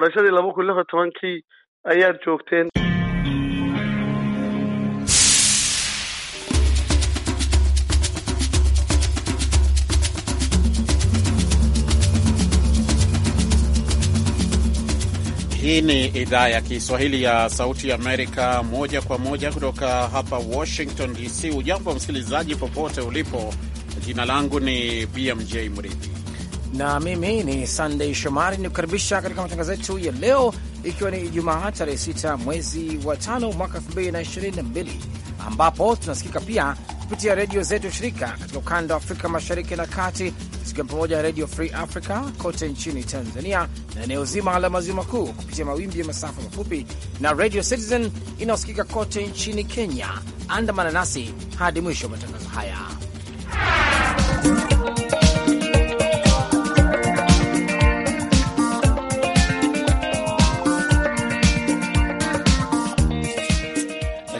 doorashadii laba kun lix iyo tobankii ayaad joogteen. Hii ni idhaa ya Kiswahili ya Sauti Amerika, moja kwa moja kutoka hapa Washington DC. Ujambo msikilizaji, popote ulipo. Jina langu ni BMJ Mridhi na mimi ni sandey Shomari kukaribisha katika matangazo yetu ya leo, ikiwa ni Ijumaa tarehe 6 mwezi wa tano mwaka mbili ambapo tunasikika pia kupitia redio zetu shirika katika ukanda wa Afrika mashariki na kati, zikiwa pamoja na Redio Free Africa kote nchini Tanzania na eneo zima la maziwa makuu kupitia mawimbi ya masafa mafupi na Radio Citizen inayosikika kote nchini Kenya. Andamana nasi hadi mwisho wa matangazo haya.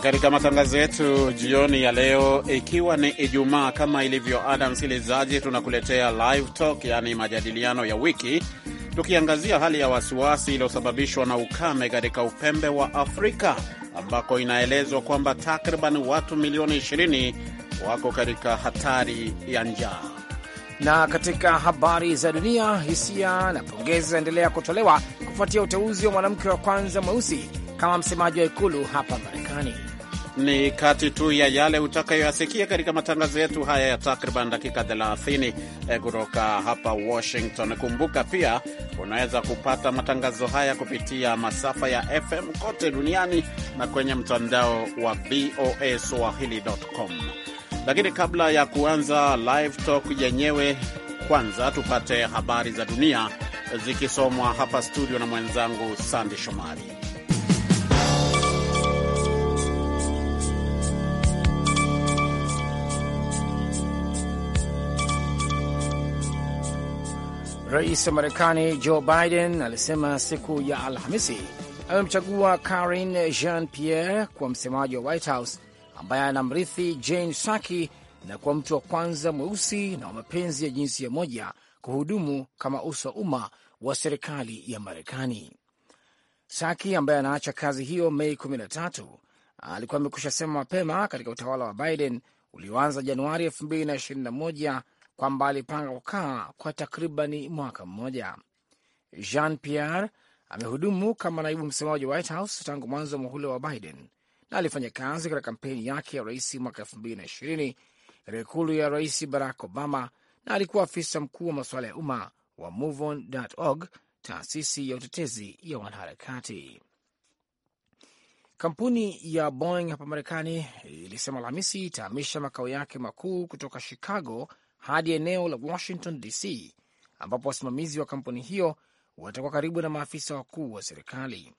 katika matangazo yetu jioni ya leo, ikiwa ni Ijumaa, kama ilivyo ada, msikilizaji, tunakuletea live talk, yaani majadiliano ya wiki, tukiangazia hali ya wasiwasi iliyosababishwa na ukame katika upembe wa Afrika ambako inaelezwa kwamba takriban watu milioni 20 wako katika hatari ya njaa. Na katika habari za dunia, hisia na pongezi zaendelea kutolewa kufuatia uteuzi wa mwanamke wa kwanza mweusi kama msemaji wa ikulu hapa Marekani ni kati tu ya yale utakayoyasikia katika matangazo yetu haya ya takriban dakika 30 eh, kutoka hapa Washington. Kumbuka pia unaweza kupata matangazo haya kupitia masafa ya FM kote duniani na kwenye mtandao wa VOA Swahili.com. Lakini kabla ya kuanza live talk yenyewe, kwanza tupate habari za dunia zikisomwa hapa studio na mwenzangu Sandi Shomari. Rais wa Marekani Joe Biden alisema siku ya Alhamisi amemchagua karin Jean-Pierre kuwa msemaji wa White House ambaye anamrithi Jane Saki na kuwa mtu wa kwanza mweusi na wa mapenzi ya jinsi ya moja kuhudumu kama uso wa umma wa serikali ya Marekani. Saki ambaye anaacha kazi hiyo Mei 13 alikuwa amekusha sema mapema katika utawala wa Biden ulioanza Januari 2021 kwamba alipanga kukaa kwa takribani mwaka mmoja. Jean Pierre amehudumu kama naibu msemaji wa White House tangu mwanzo wa muhula wa Biden na alifanya kazi katika kampeni yake ya rais mwaka elfu mbili na ishirini katika ikulu ya rais Barack Obama na alikuwa afisa mkuu wa masuala ya umma wa MoveOn.org, taasisi ya utetezi ya wanaharakati. Kampuni ya Boeing hapa Marekani ilisema Alhamisi itahamisha makao yake makuu kutoka Chicago hadi eneo la Washington DC, ambapo wasimamizi wa kampuni hiyo watakuwa karibu na maafisa wakuu wa serikali.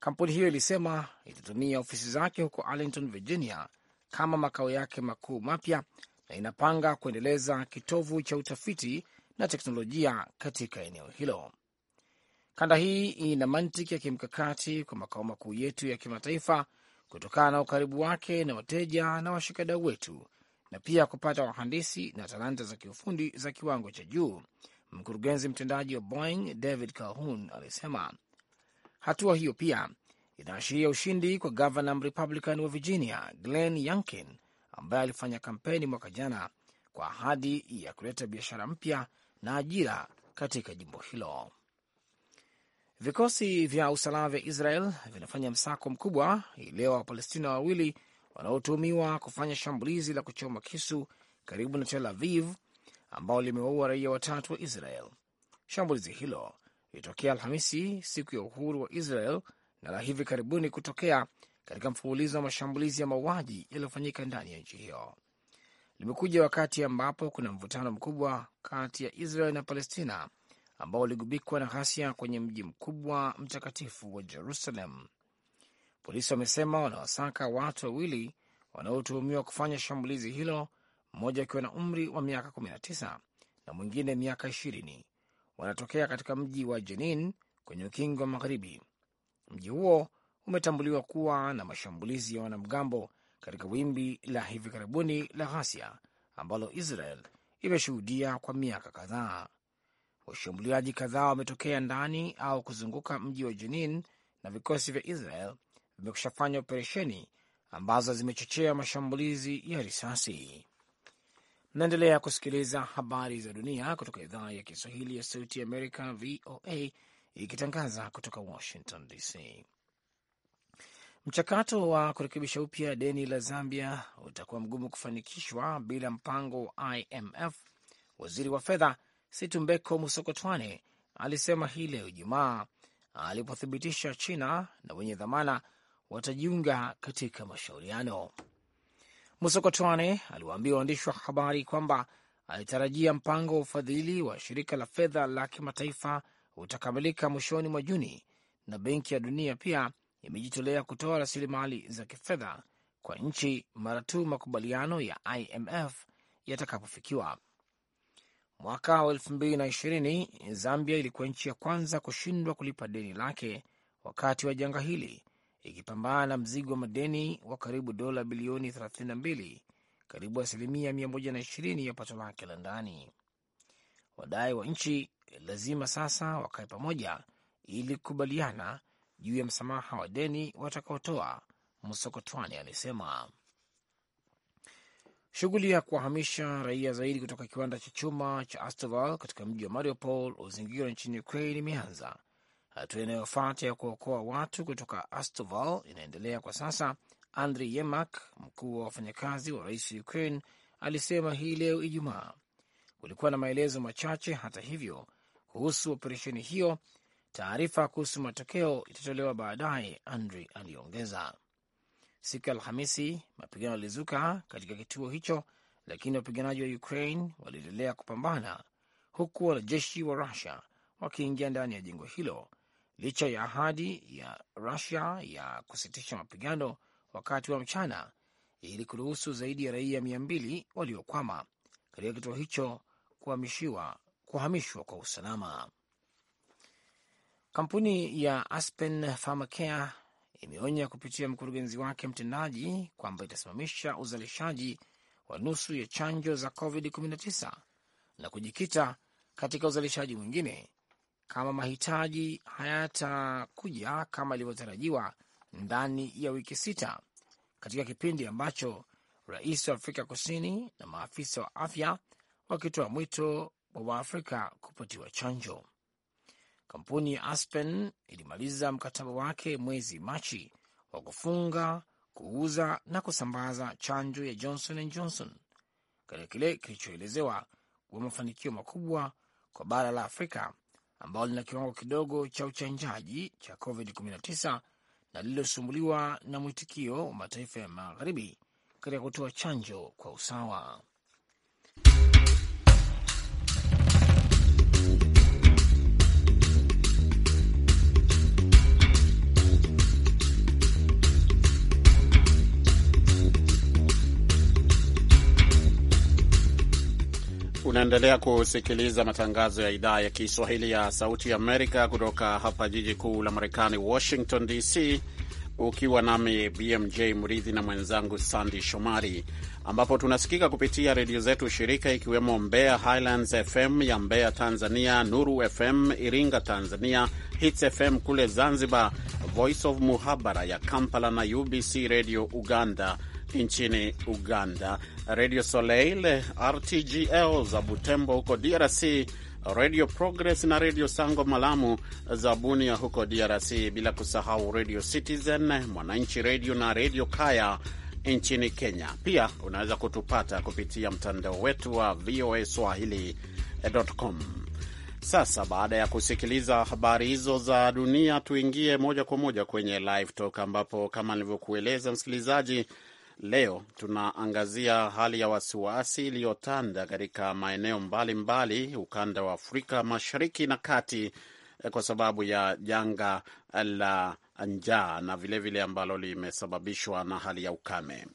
Kampuni hiyo ilisema itatumia ofisi zake huko Arlington, Virginia kama makao yake makuu mapya na inapanga kuendeleza kitovu cha utafiti na teknolojia katika eneo hilo. Kanda hii ina mantiki ya kimkakati kwa makao makuu yetu ya kimataifa kutokana na ukaribu wake na wateja na washikadau wetu, na pia kupata wahandisi na talanta za kiufundi za kiwango cha juu. Mkurugenzi mtendaji wa Boeing David Calhoun alisema hatua hiyo pia inaashiria ushindi kwa gavana Mrepublican wa Virginia Glenn Youngkin ambaye alifanya kampeni mwaka jana kwa ahadi ya kuleta biashara mpya na ajira katika jimbo hilo. Vikosi vya usalama vya Israel vinafanya msako mkubwa hii wapalestina wa Palestina wawili wanaotuhumiwa kufanya shambulizi la kuchoma kisu karibu na Tel Aviv ambao limewaua raia watatu wa Israel. Shambulizi hilo lilitokea Alhamisi, siku ya uhuru wa Israel, na la hivi karibuni kutokea katika mfululizo wa mashambulizi ya mauaji yaliyofanyika ndani ya nchi hiyo. Limekuja wakati ambapo kuna mvutano mkubwa kati ya Israel na Palestina ambao uligubikwa na ghasia kwenye mji mkubwa mtakatifu wa Jerusalem Polisi wamesema wanawasaka watu wawili wanaotuhumiwa kufanya shambulizi hilo, mmoja akiwa na umri wa miaka 19 na mwingine miaka 20. Wanatokea katika mji wa Jenin kwenye ukingo wa Magharibi. Mji huo umetambuliwa kuwa na mashambulizi ya wanamgambo katika wimbi la hivi karibuni la ghasia ambalo Israel imeshuhudia kwa miaka kadhaa. Washambuliaji kadhaa wametokea ndani au kuzunguka mji wa Jenin na vikosi vya Israel vimekushafanya operesheni ambazo zimechochea mashambulizi ya risasi. Mnaendelea kusikiliza habari za dunia kutoka idhaa ya Kiswahili ya Sauti ya Amerika, VOA, ikitangaza kutoka Washington DC. Mchakato wa kurekebisha upya deni la Zambia utakuwa mgumu kufanikishwa bila mpango wa IMF. Waziri wa fedha Situmbeko Musokotwane alisema hii leo Ijumaa alipothibitisha China na wenye dhamana watajiunga katika mashauriano. Musokotwane aliwaambia waandishi wa habari kwamba alitarajia mpango wa ufadhili wa shirika la fedha la kimataifa utakamilika mwishoni mwa Juni, na Benki ya Dunia pia imejitolea kutoa rasilimali za kifedha kwa nchi mara tu makubaliano ya IMF yatakapofikiwa. Mwaka wa ishirini, Zambia ilikuwa nchi ya kwanza kushindwa kulipa deni lake wakati wa janga hili ikipambana na mzigo wa madeni wa karibu dola bilioni 32, karibu asilimia 120 ya pato lake la ndani. Wadai wa nchi lazima sasa wakae pamoja ili kukubaliana juu ya msamaha wa deni watakaotoa, Msokotwane alisema. Shughuli ya kuwahamisha raia zaidi kutoka kiwanda cha chuma cha Astoval katika mji wa Mariupol uzingira nchini Ukraine imeanza Hatua inayofuata ya kuokoa watu kutoka Astoval inaendelea kwa sasa, Andri Yemak, mkuu wa wafanyakazi wa rais wa Ukraine, alisema hii leo Ijumaa. Kulikuwa na maelezo machache hata hivyo kuhusu operesheni hiyo. Taarifa kuhusu matokeo itatolewa baadaye, Andri aliongeza. Siku ya Alhamisi mapigano yalizuka katika kituo hicho, lakini wapiganaji wa Ukraine waliendelea kupambana huku wanajeshi wa Rusia wakiingia ndani ya jengo hilo licha ya ahadi ya Rusia ya kusitisha mapigano wakati wa mchana ili kuruhusu zaidi ya raia mia mbili waliokwama katika kituo hicho kuhamishwa kwa usalama. Kampuni ya Aspen Pharmacare imeonya kupitia mkurugenzi wake mtendaji kwamba itasimamisha uzalishaji wa nusu ya chanjo za COVID-19 na kujikita katika uzalishaji mwingine kama mahitaji hayatakuja kama ilivyotarajiwa ndani ya wiki sita, katika kipindi ambacho rais wa Afrika Kusini na maafisa wa afya wakitoa mwito wa Waafrika kupatiwa chanjo. Kampuni ya Aspen ilimaliza mkataba wake mwezi Machi wa kufunga kuuza na kusambaza chanjo ya Johnson and Johnson katika kile kilichoelezewa kuwa mafanikio makubwa kwa bara la Afrika ambalo lina kiwango kidogo cha uchanjaji cha COVID-19 na lililosumbuliwa na mwitikio wa mataifa ya magharibi katika kutoa chanjo kwa usawa. Unaendelea kusikiliza matangazo ya idhaa ya Kiswahili ya Sauti Amerika kutoka hapa jiji kuu la Marekani, Washington DC, ukiwa nami BMJ Mridhi na mwenzangu Sandi Shomari, ambapo tunasikika kupitia redio zetu shirika ikiwemo Mbeya Highlands FM ya Mbeya Tanzania, Nuru FM Iringa Tanzania, Hits FM kule Zanzibar, Voice of Muhabara ya Kampala na UBC Radio Uganda nchini Uganda, Radio Soleil, RTGL za Butembo huko DRC, Radio Progress na Radio Sango Malamu za Bunia huko DRC, bila kusahau Radio Citizen, Mwananchi Radio na Radio Kaya nchini Kenya. Pia unaweza kutupata kupitia mtandao wetu wa VOA Swahili.com. Sasa baada ya kusikiliza habari hizo za dunia, tuingie moja kwa moja kwenye Live Talk ambapo kama nilivyokueleza msikilizaji Leo tunaangazia hali ya wasiwasi iliyotanda katika maeneo mbalimbali mbali, ukanda wa Afrika Mashariki na Kati eh, kwa sababu ya janga la njaa na vilevile ambalo limesababishwa na hali ya ukame.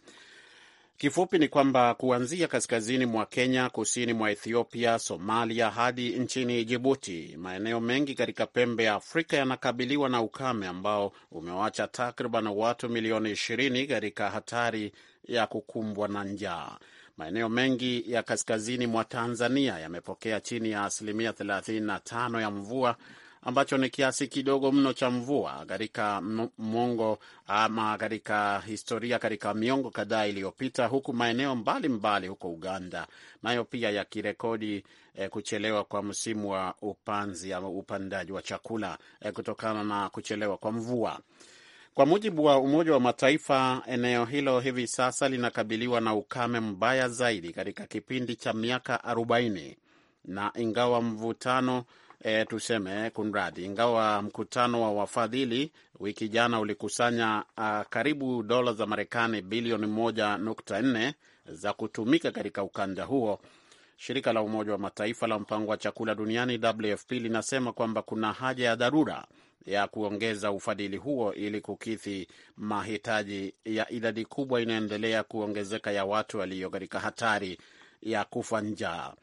Kifupi ni kwamba kuanzia kaskazini mwa Kenya, kusini mwa Ethiopia, Somalia hadi nchini Jibuti, maeneo mengi katika pembe ya Afrika yanakabiliwa na ukame ambao umewacha takriban watu milioni ishirini katika hatari ya kukumbwa na njaa. Maeneo mengi ya kaskazini mwa Tanzania yamepokea chini ya asilimia 35 ya mvua ambacho ni kiasi kidogo mno cha mvua katika mwongo ama katika historia katika miongo kadhaa iliyopita, huku maeneo mbalimbali huko Uganda nayo pia yakirekodi eh, kuchelewa kwa msimu wa upanzi ama upandaji wa chakula eh, kutokana na kuchelewa kwa mvua. Kwa mujibu wa Umoja wa Mataifa, eneo hilo hivi sasa linakabiliwa na ukame mbaya zaidi katika kipindi cha miaka 40 na ingawa mvutano e, tuseme kunradhi, ingawa mkutano wa wafadhili wiki jana ulikusanya a, karibu dola za Marekani bilioni 1.4 za kutumika katika ukanda huo. Shirika la Umoja wa Mataifa la Mpango wa Chakula Duniani, WFP, linasema kwamba kuna haja ya dharura ya kuongeza ufadhili huo ili kukidhi mahitaji ya idadi kubwa inayoendelea kuongezeka ya watu walio katika hatari ya kufa njaa.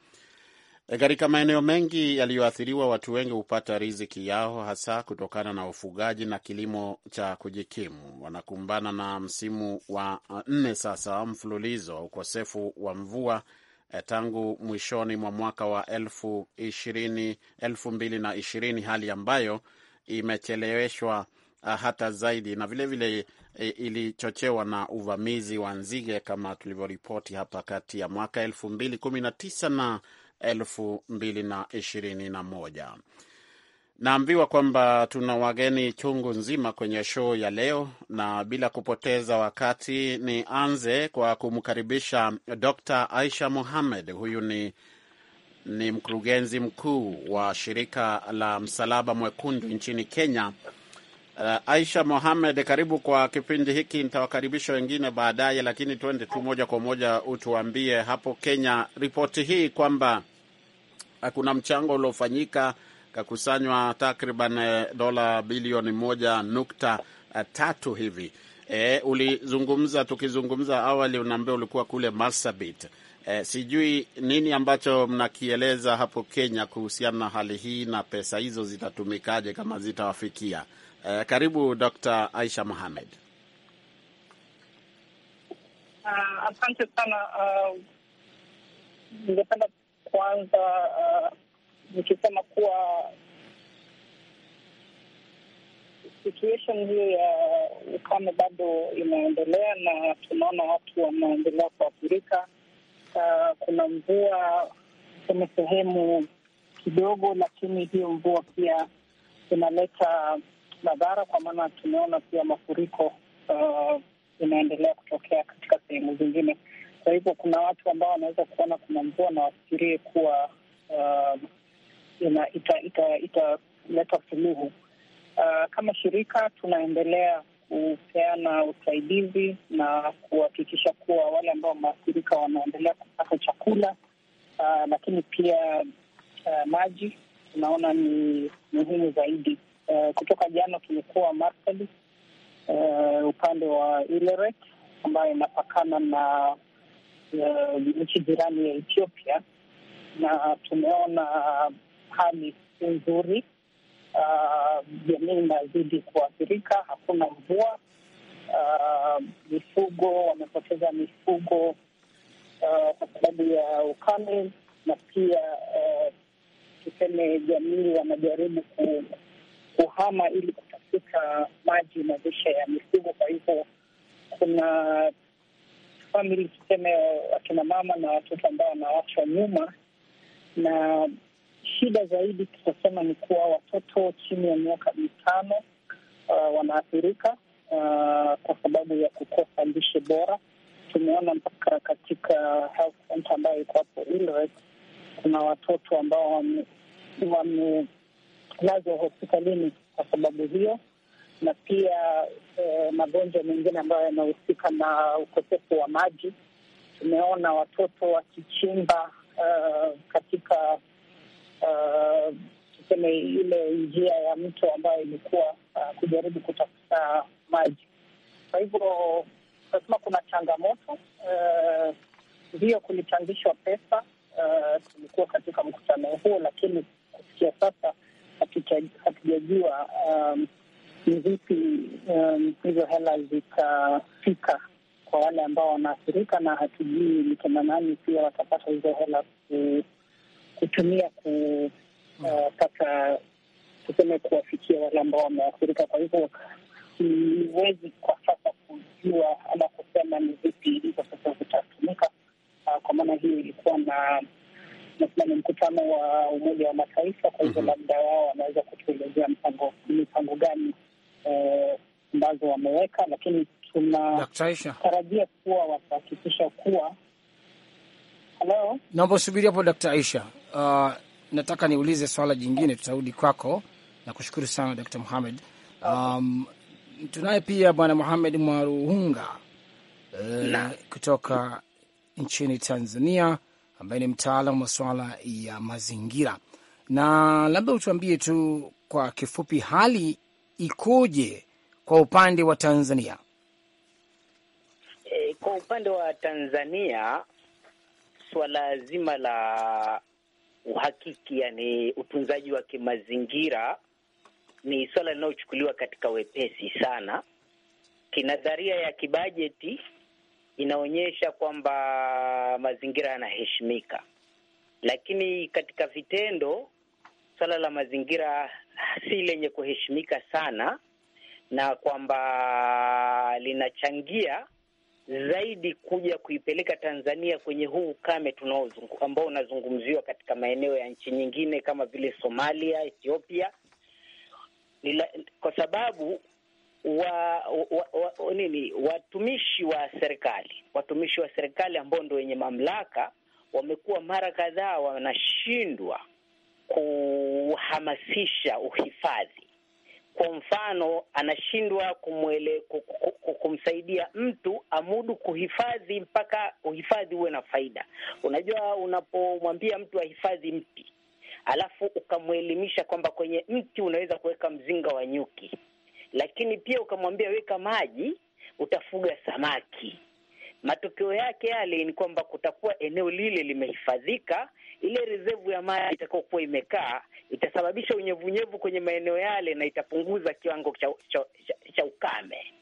E, katika maeneo mengi yaliyoathiriwa watu wengi hupata riziki yao hasa kutokana na ufugaji na kilimo cha kujikimu. Wanakumbana na msimu wa nne sasa mfululizo wa ukosefu wa mvua e, tangu mwishoni mwa mwaka wa elfu ishirini, elfu mbili na ishirini, hali ambayo imecheleweshwa hata zaidi na vilevile vile e, ilichochewa na uvamizi wa nzige kama tulivyoripoti hapa kati ya mwaka elfu mbili kumi na tisa na 2021. Naambiwa kwamba tuna wageni chungu nzima kwenye show ya leo, na bila kupoteza wakati nianze kwa kumkaribisha Dr. Aisha muhamed Huyu ni, ni mkurugenzi mkuu wa shirika la Msalaba Mwekundu nchini Kenya Uh, Aisha Mohamed, karibu kwa kipindi hiki. Nitawakaribisha wengine baadaye, lakini twende tu moja kwa moja, utuambie hapo Kenya, ripoti hii kwamba uh, kuna mchango uliofanyika kakusanywa takriban uh, dola bilioni moja nukta uh, tatu hivi. E, ulizungumza tukizungumza awali, unaambia ulikuwa kule Marsabit. E, sijui nini ambacho mnakieleza hapo Kenya kuhusiana na hali hii na pesa hizo zitatumikaje kama zitawafikia Eh, karibu Dr. Aisha Mohamed. Uh, asante sana. Ah, ningependa uh, kuanza uh, ah, nikisema kuwa situation hiyo ya ukame bado inaendelea na tunaona watu wanaendelea kuathirika. Uh, kuna mvua kwenye sehemu kidogo, lakini hiyo mvua pia inaleta madhara, kwa maana tumeona pia mafuriko uh, inaendelea kutokea katika sehemu zingine. Kwa hivyo kuna watu ambao wanaweza kuona kuna mvua na wafikirie kuwa uh, italeta ita, ita, ita suluhu. Uh, kama shirika tunaendelea kupeana usaidizi na kuhakikisha kuwa wale ambao wameathirika wanaendelea kupata chakula uh, lakini pia uh, maji tunaona ni muhimu zaidi uh, kutoka jana tumekuwa Marsabit uh, eh, upande wa Ileret ambayo inapakana na eh, nchi jirani ya Ethiopia, na tumeona hali si nzuri. Ah, jamii uh, inazidi kuathirika, hakuna mvua uh, mifugo wamepoteza mifugo uh, kwa sababu ya ukame, na pia uh, tuseme jamii wanajaribu ku kuhama ili kutafuta maji na lishe ya mifugo. Kwa hivyo kuna famili, tuseme wakina mama na watoto ambao wanawachwa nyuma, na shida zaidi tutasema ni kuwa watoto chini ya miaka mitano uh, wanaathirika uh, kwa sababu ya kukosa lishe bora. Tumeona mpaka katika health center ambayo iko hapo Eldoret kuna watoto ambao wame, wame kulazwa hospitalini kwa sababu hiyo, na pia eh, magonjwa mengine ambayo yanahusika na ukosefu wa maji. Tumeona watoto wakichimba uh, katika uh, tuseme ile njia ya mto ambayo ilikuwa uh, kujaribu kutafuta maji. Kwa hivyo tunasema kuna changamoto ndiyo. Uh, kulichangishwa pesa uh, tulikuwa katika mkutano huo, lakini kufikia sasa hatujajua um, ni vipi um, hizo hela zitafika kwa wale ambao wanaathirika, na hatujui ni kina nani pia watapata hizo hela kutumia kupata uh, tuseme kuwafikia wale ambao wameathirika. Kwa hivyo siwezi kwa sasa kujua ama kusema ni vipi hizo sasa zitatumika. Uh, kwa maana hiyo ilikuwa na na ni mkutano wa Umoja wa Mataifa, kwa hivyo mhm. labda wao wanaweza kutuelezea mpango mipango gani eh, ambazo eh, wameweka, lakini tunatarajia kuwa watahakikisha kuwa. naomba usubiri hapo Dkt. Aisha. Uh, nataka niulize swala jingine, tutarudi kwako. Nakushukuru sana Dakta Muhamed. Ah, um, tunaye pia Bwana Muhamed Mwaruhunga uh, kutoka nchini Tanzania ambaye ni mtaalam wa swala ya mazingira. Na labda utuambie tu kwa kifupi, hali ikoje kwa upande wa Tanzania? E, kwa upande wa Tanzania suala zima la uhakiki, yani utunzaji wa kimazingira ni swala linalochukuliwa katika wepesi sana. Kinadharia ya kibajeti inaonyesha kwamba mazingira yanaheshimika, lakini katika vitendo suala la mazingira si lenye kuheshimika sana, na kwamba linachangia zaidi kuja kuipeleka Tanzania kwenye huu ukame tunaozungu ambao unazungumziwa katika maeneo ya nchi nyingine kama vile Somalia, Ethiopia, Nila, kwa sababu wa, wa, wa, wa nini watumishi wa serikali, watumishi wa serikali ambao ndio wenye mamlaka wamekuwa mara kadhaa wanashindwa kuhamasisha uhifadhi. Kwa mfano, anashindwa kumwele kumsaidia mtu amudu kuhifadhi mpaka uhifadhi uwe na faida. Unajua, unapomwambia mtu ahifadhi mti alafu ukamwelimisha kwamba kwenye mti unaweza kuweka mzinga wa nyuki lakini pia ukamwambia weka maji, utafuga samaki. Matokeo yake yale ni kwamba kutakuwa eneo lile limehifadhika, ile reserve ya maji itakayokuwa imekaa itasababisha unyevunyevu kwenye maeneo yale na itapunguza kiwango cha, cha, cha, cha ukame.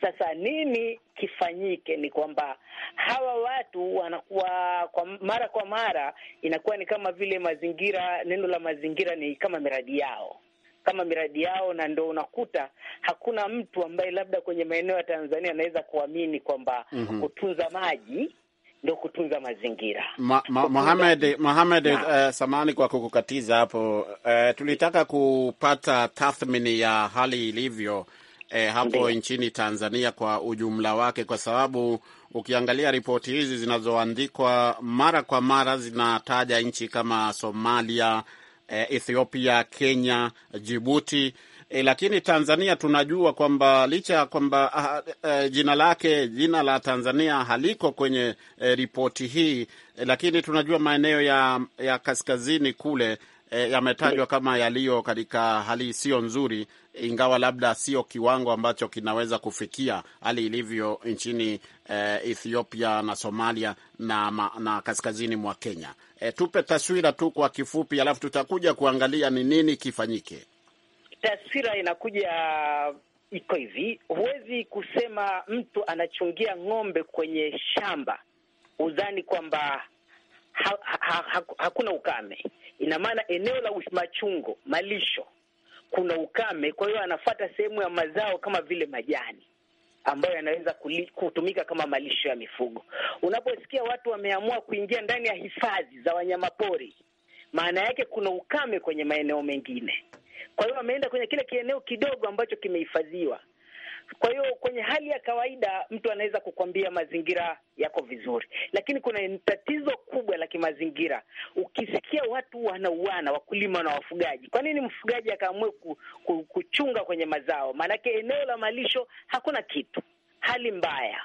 Sasa nini kifanyike? Ni kwamba hawa watu wanakuwa kwa mara kwa mara, inakuwa ni kama vile mazingira, neno la mazingira ni kama miradi yao kama miradi yao, na ndo unakuta hakuna mtu ambaye labda kwenye maeneo ya Tanzania anaweza kuamini kwamba mm -hmm. kutunza maji ndio kutunza mazingira. Ma, ma, Mohamed, uh, samani kwa kukukatiza hapo uh, tulitaka kupata tathmini ya hali ilivyo eh, hapo Ndiyo. nchini Tanzania kwa ujumla wake, kwa sababu ukiangalia ripoti hizi zinazoandikwa mara kwa mara zinataja nchi kama Somalia E, Ethiopia, Kenya, Jibuti. E, lakini Tanzania tunajua kwamba licha ya kwamba uh, jina lake jina la Tanzania haliko kwenye uh, ripoti hii e, lakini tunajua maeneo ya, ya kaskazini kule e, yametajwa kama yaliyo katika hali isiyo nzuri, ingawa labda sio kiwango ambacho kinaweza kufikia hali ilivyo nchini e, Ethiopia na Somalia na, na kaskazini mwa Kenya. E, tupe taswira tu kwa kifupi, alafu tutakuja kuangalia ni nini kifanyike. Taswira inakuja uh, iko hivi, huwezi kusema mtu anachungia ng'ombe kwenye shamba udhani kwamba ha, ha, ha, hakuna ukame. Ina maana eneo la machungo malisho kuna ukame, kwa hiyo anafata sehemu ya mazao kama vile majani ambayo yanaweza kutumika kama malisho ya mifugo. Unaposikia watu wameamua kuingia ndani ya hifadhi za wanyamapori, maana yake kuna ukame kwenye maeneo mengine. Kwa hiyo wameenda kwenye kile kieneo kidogo ambacho kimehifadhiwa, kwa hiyo kwenye hali ya kawaida mtu anaweza kukwambia mazingira yako vizuri, lakini kuna tatizo kubwa la kimazingira. Ukisikia watu wanauana, wakulima na wafugaji, kwa nini mfugaji akaamue kuchunga kwenye mazao? Maanake eneo la malisho hakuna kitu, hali mbaya,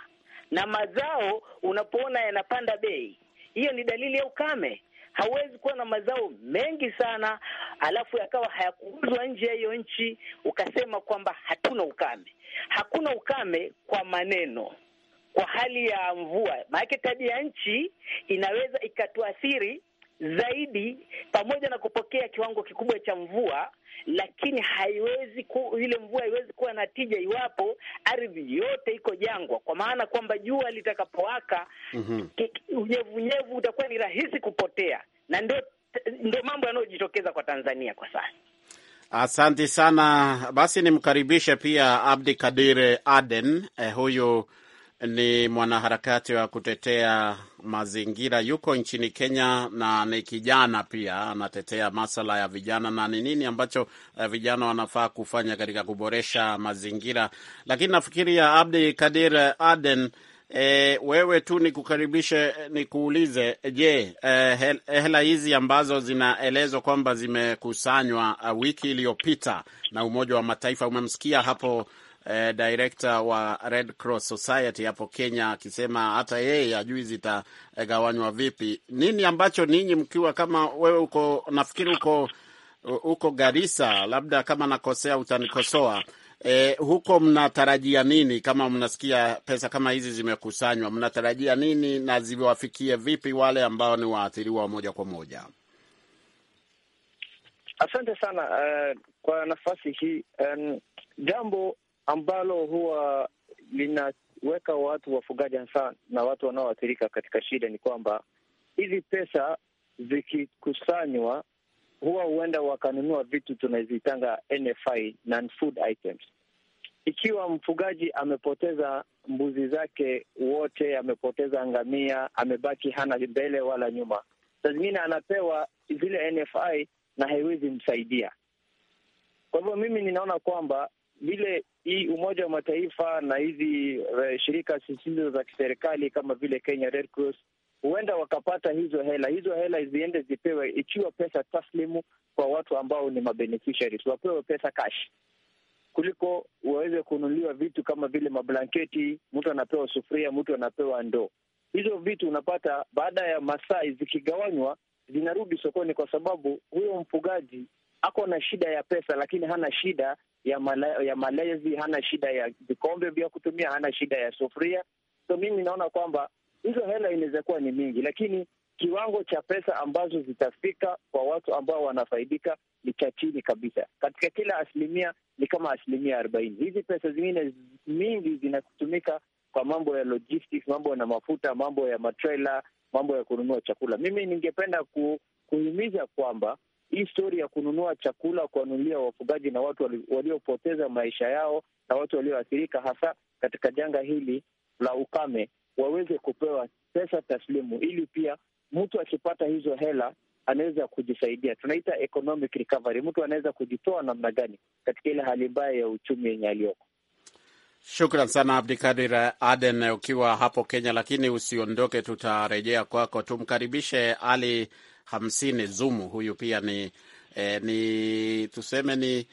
na mazao unapoona yanapanda bei, hiyo ni dalili ya ukame hauwezi kuwa na mazao mengi sana alafu yakawa hayakuuzwa nje ya hiyo nchi, ukasema kwamba hatuna ukame. Hakuna ukame kwa maneno, kwa hali ya mvua, maanake tabia ya nchi inaweza ikatuathiri zaidi, pamoja na kupokea kiwango kikubwa cha mvua, lakini haiwezi ku, ile mvua haiwezi kuwa na tija iwapo ardhi yote iko jangwa, kwa maana kwamba jua litakapowaka mm -hmm. unyevunyevu utakuwa ni rahisi kupotea, na ndio ndio mambo yanayojitokeza kwa Tanzania kwa sasa. Asante sana. Basi nimkaribishe pia Abdi kadir Aden, eh, huyu ni mwanaharakati wa kutetea mazingira, yuko nchini Kenya na ni kijana pia, anatetea masala ya vijana na ni nini ambacho eh, vijana wanafaa kufanya katika kuboresha mazingira. Lakini nafikiria Abdi Kadir Aden, e, wewe tu nikukaribishe, nikuulize, je, e, hela hizi ambazo zinaelezwa kwamba zimekusanywa wiki iliyopita na Umoja wa Mataifa, umemsikia hapo eh, director wa Red Cross Society hapo Kenya akisema hata yeye ajui zitagawanywa vipi. Nini ambacho ninyi mkiwa kama wewe uko nafikiri uko huko Garissa, labda kama nakosea utanikosoa. E, huko mnatarajia nini kama mnasikia pesa kama hizi zimekusanywa? Mnatarajia nini na ziwafikie vipi wale ambao ni waathiriwa moja kwa moja? Asante sana uh, kwa nafasi hii um, jambo ambalo huwa linaweka watu wafugaji hasa na watu wanaoathirika katika shida ni kwamba hizi pesa zikikusanywa huwa huenda wakanunua vitu tunazitanga NFI, non food items. Ikiwa mfugaji amepoteza mbuzi zake wote, amepoteza ngamia, amebaki hana mbele wala nyuma, saa zingine anapewa zile NFI na haiwezi msaidia. Kwa hivyo mimi ninaona kwamba vile hii Umoja wa Mataifa na hizi eh, shirika zisizo za kiserikali kama vile Kenya Red Cross huenda wakapata hizo hela. Hizo hela ziende zipewe, ikiwa pesa taslimu kwa watu ambao ni mabeneficiaries, wapewe pesa cash kuliko waweze kununuliwa vitu kama vile mablanketi, mtu anapewa sufuria, mtu anapewa ndoo. Hizo vitu unapata baada ya masaa zikigawanywa zinarudi sokoni, kwa sababu huyo mfugaji ako na shida ya pesa, lakini hana shida ya male, ya malezi, hana shida ya vikombe vya kutumia, hana shida ya sufuria. So mimi naona kwamba hizo hela inaweza kuwa ni mingi, lakini kiwango cha pesa ambazo zitafika kwa watu ambao wanafaidika ni cha chini kabisa. Katika kila asilimia ni kama asilimia arobaini. Hizi pesa zingine mingi zinatumika kwa mambo ya logistics, mambo na mafuta, mambo ya matrela, mambo ya kununua chakula. Mimi ningependa ku, kuhimiza kwamba hii stori ya kununua chakula, kuwanunulia wafugaji na watu waliopoteza maisha yao na watu walioathirika hasa katika janga hili la ukame waweze kupewa pesa taslimu, ili pia mtu akipata hizo hela anaweza kujisaidia. Tunaita economic recovery, mtu anaweza kujitoa namna gani katika ile hali mbaya ya uchumi yenye aliyoko. Shukran sana Abdikadir Aden ukiwa hapo Kenya, lakini usiondoke, tutarejea kwako. Tumkaribishe Ali hamsini. Zumu huyu pia ni, eh, ni tuseme ni,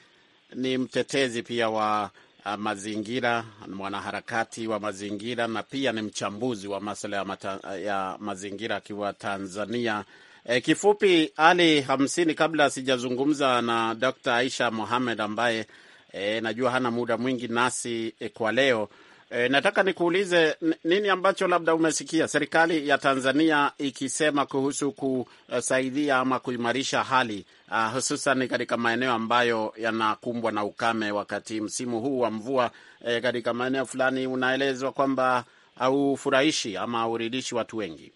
ni mtetezi pia wa uh, mazingira, mwanaharakati wa mazingira na pia ni mchambuzi wa masuala ya, ya mazingira akiwa Tanzania. E, kifupi Ali hamsini, kabla sijazungumza na Dr. Aisha Mohamed ambaye e, najua hana muda mwingi nasi e, kwa leo E, nataka nikuulize nini ambacho labda umesikia serikali ya Tanzania ikisema kuhusu kusaidia ama kuimarisha hali uh, hususan katika maeneo ambayo yanakumbwa na ukame wakati msimu huu wa mvua e, katika maeneo fulani unaelezwa kwamba haufurahishi ama hauridhishi watu wengi.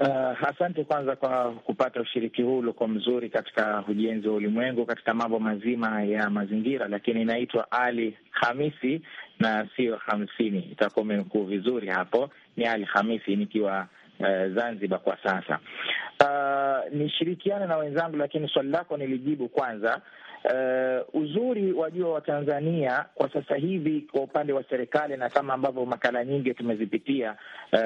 Uh, asante kwanza kwa kupata ushiriki huu uliokuwa mzuri katika ujenzi wa ulimwengu katika mambo mazima ya mazingira, lakini inaitwa Ali Hamisi na sio hamsini. Itakuwa umenukuu vizuri hapo. Ni Alhamisi nikiwa uh, Zanzibar kwa sasa. Uh, eh, nishirikiana na wenzangu, lakini swali lako nilijibu kwanza. Uh, uzuri jua wa Tanzania kwa sasa hivi kwa upande wa serikali na kama ambavyo makala nyingi tumezipitia, uh,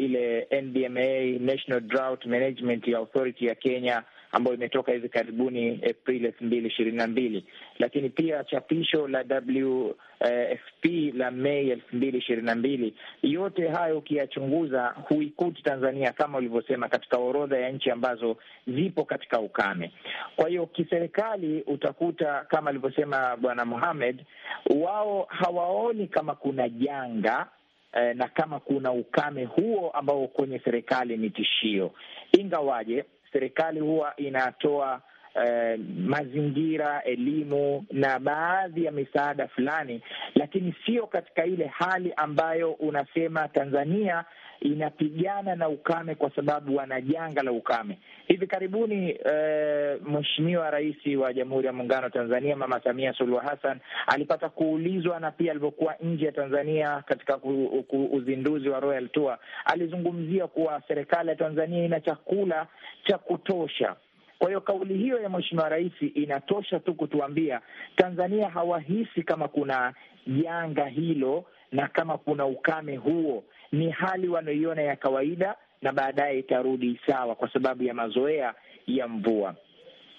ile NDMA National Drought Management Authority ya Kenya ambayo imetoka hivi karibuni Aprili elfu mbili ishirini na mbili, lakini pia chapisho la WFP la Mei elfu mbili ishirini na mbili. Yote hayo ukiyachunguza, huikuti Tanzania kama ulivyosema katika orodha ya nchi ambazo zipo katika ukame. Kwa hiyo kiserikali utakuta kama alivyosema Bwana Mohamed, wao hawaoni kama kuna janga eh, na kama kuna ukame huo ambao kwenye serikali ni tishio, ingawaje serikali huwa inatoa Uh, mazingira, elimu na baadhi ya misaada fulani, lakini sio katika ile hali ambayo unasema Tanzania inapigana na ukame kwa sababu wana janga la ukame. Hivi karibuni eh, Mheshimiwa Rais wa Jamhuri ya Muungano wa Tanzania Mama Samia Suluhu Hassan alipata kuulizwa na pia alivyokuwa nje ya Tanzania katika ku, ku, uzinduzi wa Royal Tour alizungumzia kuwa serikali ya Tanzania ina chakula cha kutosha. Kwa hiyo kauli hiyo ya Mheshimiwa Rais inatosha tu kutuambia Tanzania hawahisi kama kuna janga hilo na kama kuna ukame huo ni hali wanaoiona ya kawaida, na baadaye itarudi sawa kwa sababu ya mazoea ya mvua.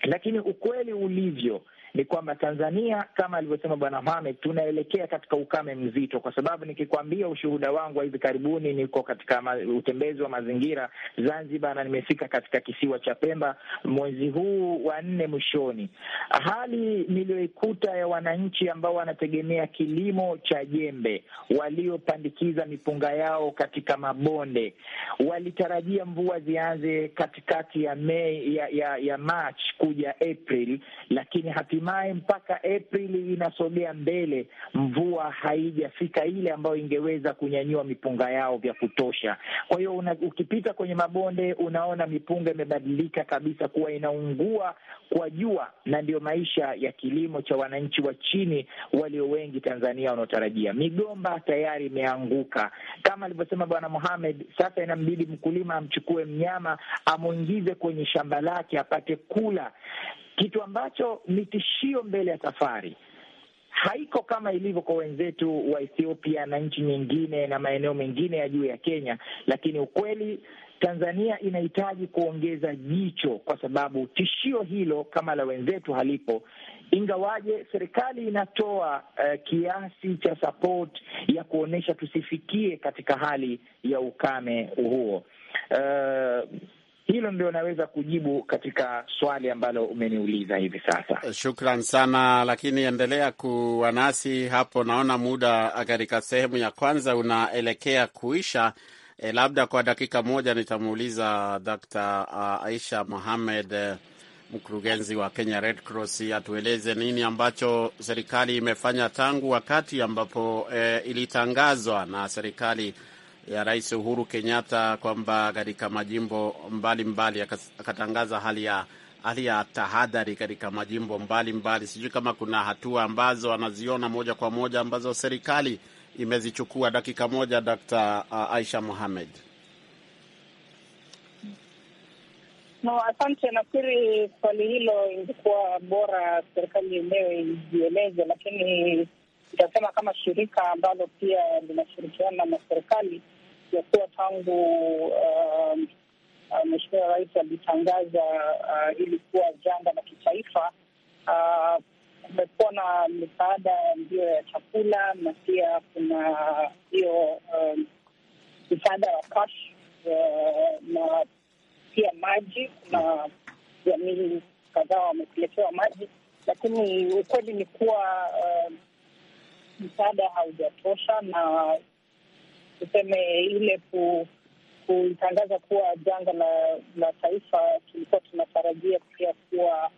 Lakini ukweli ulivyo ni kwamba Tanzania kama alivyosema Bwana Mame, tunaelekea katika ukame mzito, kwa sababu nikikwambia ushuhuda wangu wa hivi karibuni, niko katika utembezi wa mazingira Zanzibar na nimefika katika kisiwa cha Pemba mwezi huu wa nne mwishoni, hali niliyoikuta ya wananchi ambao wanategemea kilimo cha jembe, waliopandikiza mipunga yao katika mabonde, walitarajia mvua zianze katikati ya Mei ya, ya, ya March kuja April, lakini hatimaye hatimaye mpaka Aprili inasogea mbele, mvua haijafika ile ambayo ingeweza kunyanyua mipunga yao vya kutosha. Kwa hiyo ukipita kwenye mabonde unaona mipunga imebadilika kabisa kuwa inaungua kwa jua, na ndio maisha ya kilimo cha wananchi wa chini walio wengi Tanzania wanaotarajia. Migomba tayari imeanguka kama alivyosema Bwana Mohamed. Sasa inambidi mkulima amchukue mnyama amwingize kwenye shamba lake apate kula kitu ambacho ni tishio mbele ya safari haiko kama ilivyo kwa wenzetu wa Ethiopia na nchi nyingine na maeneo mengine ya juu ya Kenya, lakini ukweli Tanzania inahitaji kuongeza jicho, kwa sababu tishio hilo kama la wenzetu halipo, ingawaje serikali inatoa uh, kiasi cha support ya kuonyesha tusifikie katika hali ya ukame huo uh, hilo ndio naweza kujibu katika swali ambalo umeniuliza hivi sasa. Shukran sana, lakini endelea kuwa nasi hapo. Naona muda katika sehemu ya kwanza unaelekea kuisha. E, labda kwa dakika moja nitamuuliza Dr. Aisha Mohamed, eh, mkurugenzi wa Kenya Red Cross, atueleze nini ambacho serikali imefanya tangu wakati ambapo e, ilitangazwa na serikali ya Rais Uhuru Kenyatta kwamba katika majimbo mbalimbali akatangaza hali ya hali ya tahadhari katika majimbo mbalimbali. Sijui kama kuna hatua ambazo anaziona moja kwa moja ambazo serikali imezichukua. Dakika moja, Dr. Aisha Mohamed. No, asante. Nafikiri swali hilo ingekuwa bora serikali yenyewe ijieleze, lakini itasema kama shirika ambalo pia linashirikiana na serikali yasiyokuwa tangu uh, uh, Mheshimiwa Rais alitangaza uh, ili kuwa janga la kitaifa uh, kumekuwa na misaada ndiyo ya chakula na pia kuna hiyo um, msaada um, wa kash uh, na pia maji. Kuna jamii kadhaa wamekuletewa maji, lakini ukweli ni kuwa uh, msaada haujatosha na tuseme ile ku, kutangaza kuwa janga la, la taifa, tulikuwa tunatarajia pia kuwa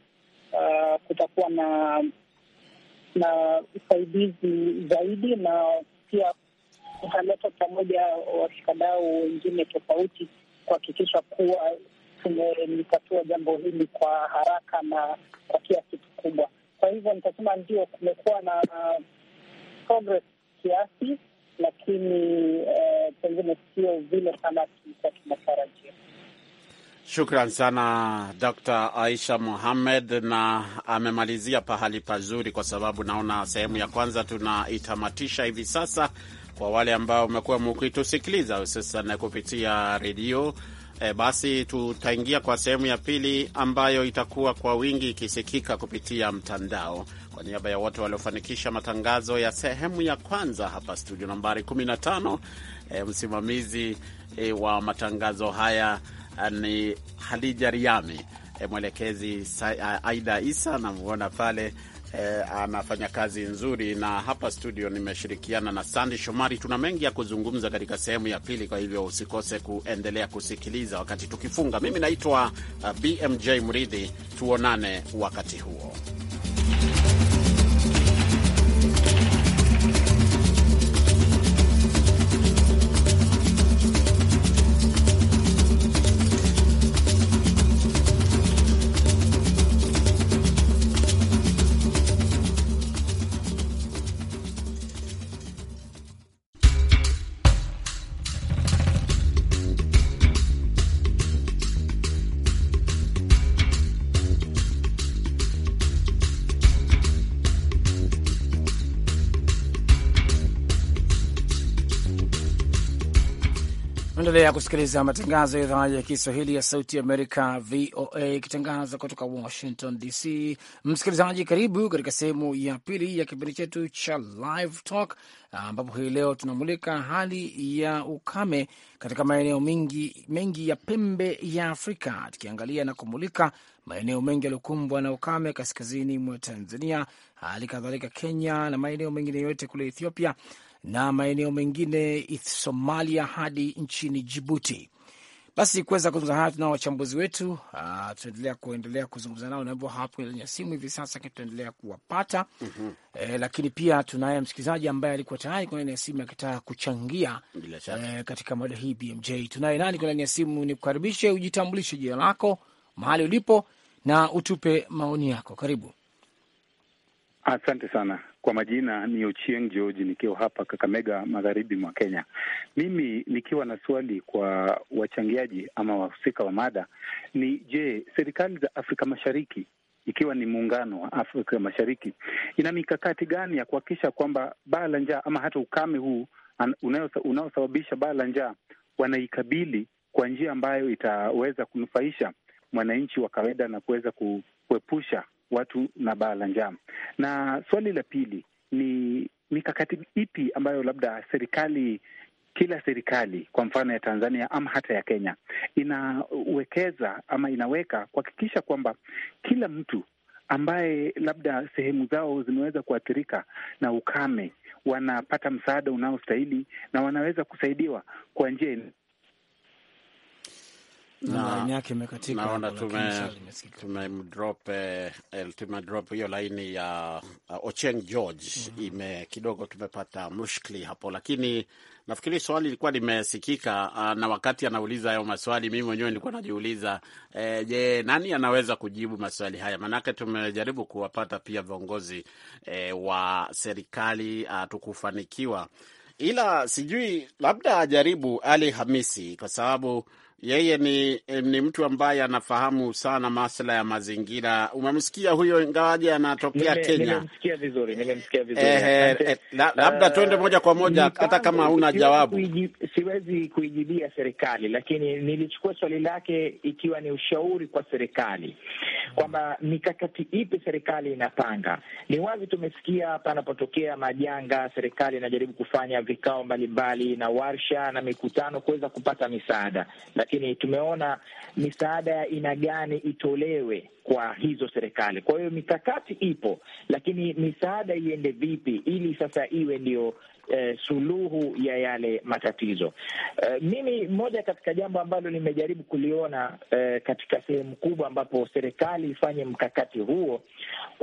uh, kutakuwa na na usaidizi zaidi na pia kutaleta pamoja washikadau wengine tofauti kuhakikisha kuwa tumelitatua jambo hili kwa haraka na kwa kiasi kikubwa. Kwa hivyo nitasema ndio, kumekuwa na uh, progress kiasi lakini eh, pengine sio vile kama tulikuwa tunatarajia. Shukran sana Dr. Aisha muhammed na amemalizia pahali pazuri, kwa sababu naona sehemu ya kwanza tunaitamatisha hivi sasa. Kwa wale ambao umekuwa mukitusikiliza hususan kupitia redio e, basi tutaingia kwa sehemu ya pili ambayo itakuwa kwa wingi ikisikika kupitia mtandao kwa niaba ya wote waliofanikisha matangazo ya sehemu ya kwanza hapa studio nambari 15, e, eh, msimamizi e, wa matangazo haya eh, ni Hadija Riami, e, mwelekezi Aida Isa namuona pale E, anafanya kazi nzuri na hapa studio nimeshirikiana na Sandi Shomari. Tuna mengi ya kuzungumza katika sehemu ya pili, kwa hivyo usikose kuendelea kusikiliza wakati tukifunga. Mimi naitwa BMJ Mridhi, tuonane wakati huo. Unaendelea kusikiliza matangazo ya idhaa ya Kiswahili ya Sauti Amerika, VOA, ikitangaza kutoka Washington DC. Msikilizaji, karibu katika sehemu ya pili ya kipindi chetu cha Live Talk, ambapo hii leo tunamulika hali ya ukame katika maeneo mengi mengi ya pembe ya Afrika, tukiangalia na kumulika maeneo mengi yaliokumbwa na ukame kaskazini mwa Tanzania, hali kadhalika Kenya na maeneo mengine yote kule Ethiopia, na maeneo mengine Somalia hadi nchini Jibuti. Basi kuweza kuzungumza haya, tunao wachambuzi wetu, ah, tunaendelea kuendelea kuzungumza nao navo hapo kwenye simu hivi sasa, lakini tunaendelea kuwapata mm -hmm. E, lakini pia tunaye msikilizaji ambaye alikuwa tayari kwenye laini ya simu akitaka kuchangia e, katika mada hii BMJ. Tunaye nani kwenye laini ya simu? Ni kukaribishe, ujitambulishe jina lako, mahali ulipo na utupe maoni yako. Karibu. Asante sana kwa majina, ni Ochieng George nikiwa hapa Kakamega, magharibi mwa Kenya. Mimi nikiwa na swali kwa wachangiaji ama wahusika wa mada ni je, serikali za Afrika Mashariki ikiwa ni muungano wa Afrika Mashariki ina mikakati gani ya kuhakikisha kwamba baa la njaa ama hata ukame huu unaosababisha baa la njaa wanaikabili kwa njia ambayo itaweza kunufaisha mwananchi wa kawaida na kuweza kuepusha watu na baa la njaa. Na swali la pili ni mikakati ipi ambayo labda serikali kila serikali kwa mfano ya Tanzania ama hata ya Kenya inawekeza ama inaweka kuhakikisha kwamba kila mtu ambaye labda sehemu zao zimeweza kuathirika na ukame wanapata msaada unaostahili na wanaweza kusaidiwa kwa njia na naona tumemdrop eh, tumedrop hiyo laini ya uh, Ocheng George mm -hmm. ime kidogo tumepata mushkili hapo, lakini nafikiri swali lilikuwa limesikika. Uh, na wakati anauliza hayo maswali, mimi mwenyewe nilikuwa najiuliza eh, je, nani anaweza kujibu maswali haya? Maanake tumejaribu kuwapata pia viongozi eh, wa serikali uh, tukufanikiwa, ila sijui labda ajaribu Ali Hamisi kwa sababu yeye ni, eh, ni mtu ambaye anafahamu sana masuala ya mazingira. Umemsikia huyo, ingawaje anatokea Kenya. vizuri, vizuri. Eh, eh, eh la, labda eh, tuende moja kwa moja hata kama hauna jawabu. Siwezi kuijibia serikali, lakini nilichukua swali lake ikiwa ni ushauri kwa serikali kwamba mikakati ipi serikali inapanga. Ni wazi tumesikia panapotokea majanga, serikali inajaribu kufanya vikao mbalimbali na warsha na mikutano kuweza kupata misaada, lakini lakini tumeona misaada ya aina gani itolewe kwa hizo serikali. Kwa hiyo mikakati ipo, lakini misaada iende vipi ili sasa iwe ndio eh, suluhu ya yale matatizo. Eh, mimi moja katika jambo ambalo nimejaribu kuliona eh, katika sehemu kubwa ambapo serikali ifanye mkakati huo,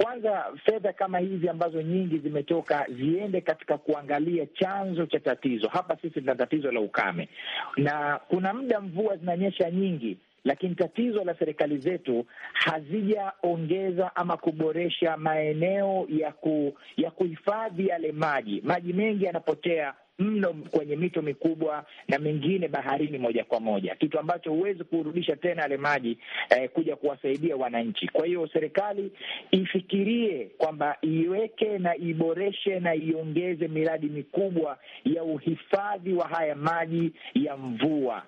kwanza fedha kama hizi ambazo nyingi zimetoka ziende katika kuangalia chanzo cha tatizo. Hapa sisi tuna tatizo la ukame na kuna muda mvua zinanyesha nyingi lakini tatizo la serikali zetu hazijaongeza ama kuboresha maeneo ya ku, ya kuhifadhi yale maji. Maji mengi yanapotea mno kwenye mito mikubwa na mengine baharini moja kwa moja, kitu ambacho huwezi kurudisha tena yale maji eh, kuja kuwasaidia wananchi. Kwa hiyo serikali ifikirie kwamba iweke na iboreshe na iongeze miradi mikubwa ya uhifadhi wa haya maji ya mvua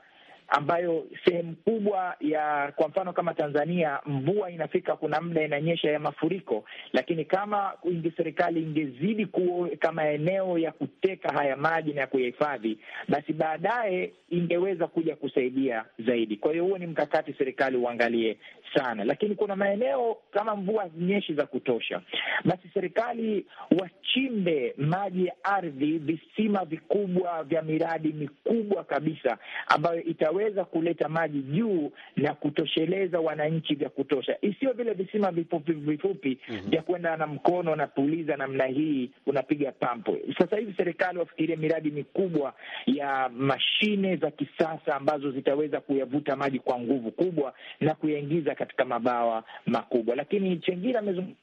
ambayo sehemu kubwa ya kwa mfano kama Tanzania mvua inafika, kuna mda inanyesha ya mafuriko, lakini kama ingi serikali ingezidi kuwa kama eneo ya kuteka haya maji na ya kuyahifadhi, basi baadaye ingeweza kuja kusaidia zaidi. Kwa hiyo huo ni mkakati serikali uangalie sana, lakini kuna maeneo kama mvua nyeshi za kutosha, basi serikali wachimbe maji ya ardhi, visima vikubwa vya miradi mikubwa kabisa ambayo ita itaweza kuleta maji juu na kutosheleza wananchi vya kutosha, isiyo vile visima vifupi vifupi mhm. vya mm -hmm. kwenda na mkono napuliza namna hii, unapiga pampu. Sasa hivi serikali wafikirie miradi mikubwa ya mashine za kisasa ambazo zitaweza kuyavuta maji kwa nguvu kubwa na kuyaingiza katika mabawa makubwa. Lakini Chengira amezungumza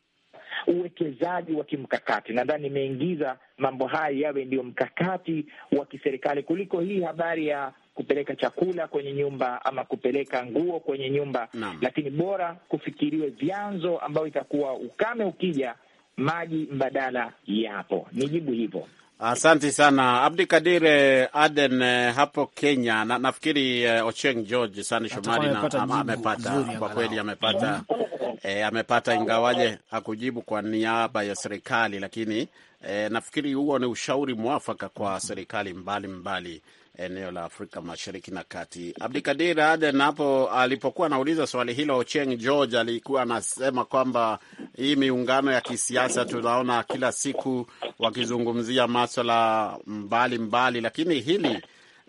uwekezaji wa kimkakati. Nadhani imeingiza mambo haya yawe ndiyo mkakati wa kiserikali kuliko hii habari ya kupeleka chakula kwenye nyumba ama kupeleka nguo kwenye nyumba no. Lakini bora kufikiriwe vyanzo ambayo itakuwa ukame ukija, maji mbadala yapo. Ni jibu hivyo. Asante sana Abdi Kadir eh, Aden eh, hapo Kenya na, nafikiri uh, Ocheng George Sani Shomari amepata kwa kweli amepata e, amepata ingawaje hakujibu kwa niaba ya serikali, lakini e, nafikiri huo ni ushauri mwafaka kwa serikali mbalimbali mbali eneo la Afrika Mashariki na Kati. Abdikadir Aden hapo alipokuwa anauliza swali hilo, Ocheng George alikuwa anasema kwamba hii miungano ya kisiasa tunaona kila siku wakizungumzia maswala mbalimbali, lakini hili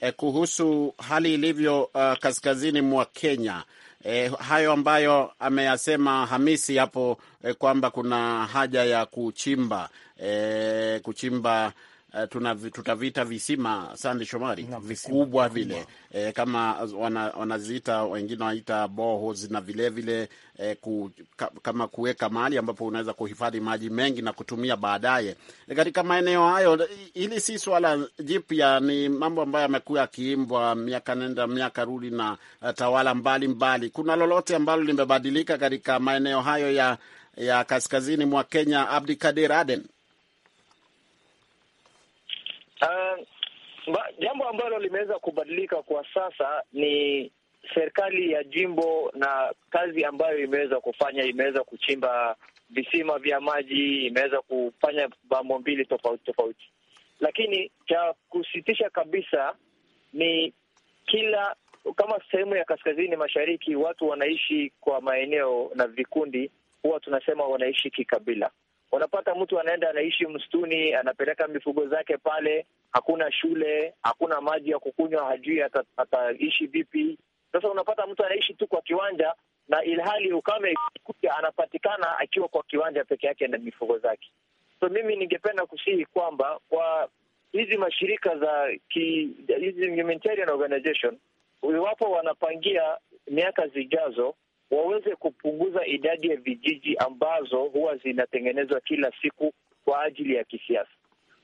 eh, kuhusu hali ilivyo uh, kaskazini mwa Kenya E, hayo ambayo ameyasema Hamisi hapo e, kwamba kuna haja ya kuchimba e, kuchimba uh, tuna, visima sandi Shomari na vikubwa vile e, kama wanaziita wana wengine wanaita bohos na vilevile e, eh, ku, ka, kama kuweka mahali ambapo unaweza kuhifadhi maji mengi na kutumia baadaye katika maeneo hayo. Hili si swala jipya, ni mambo ambayo yamekuwa yakiimbwa miaka nenda miaka rudi na tawala mbalimbali mbali. Kuna lolote ambalo limebadilika katika maeneo hayo ya, ya kaskazini mwa Kenya, Abdi Kadir Aden? Uh, jambo ambalo limeweza kubadilika kwa sasa ni serikali ya jimbo na kazi ambayo imeweza kufanya, imeweza kuchimba visima vya maji, imeweza kufanya bambo mbili tofauti tofauti, lakini cha kusitisha kabisa ni kila kama sehemu ya kaskazini mashariki watu wanaishi kwa maeneo na vikundi, huwa tunasema wanaishi kikabila. Unapata mtu anaenda anaishi msituni, anapeleka mifugo zake pale, hakuna shule, hakuna maji ya kukunywa, hajui ataishi vipi. Sasa unapata mtu anaishi tu kwa kiwanja, na ilhali ukame ikikuja, anapatikana akiwa kwa kiwanja peke yake na mifugo zake. So mimi ningependa kusihi kwamba kwa hizi mashirika za ki, hizi humanitarian organization iwapo wanapangia miaka zijazo waweze kupunguza idadi ya vijiji ambazo huwa zinatengenezwa kila siku kwa ajili ya kisiasa.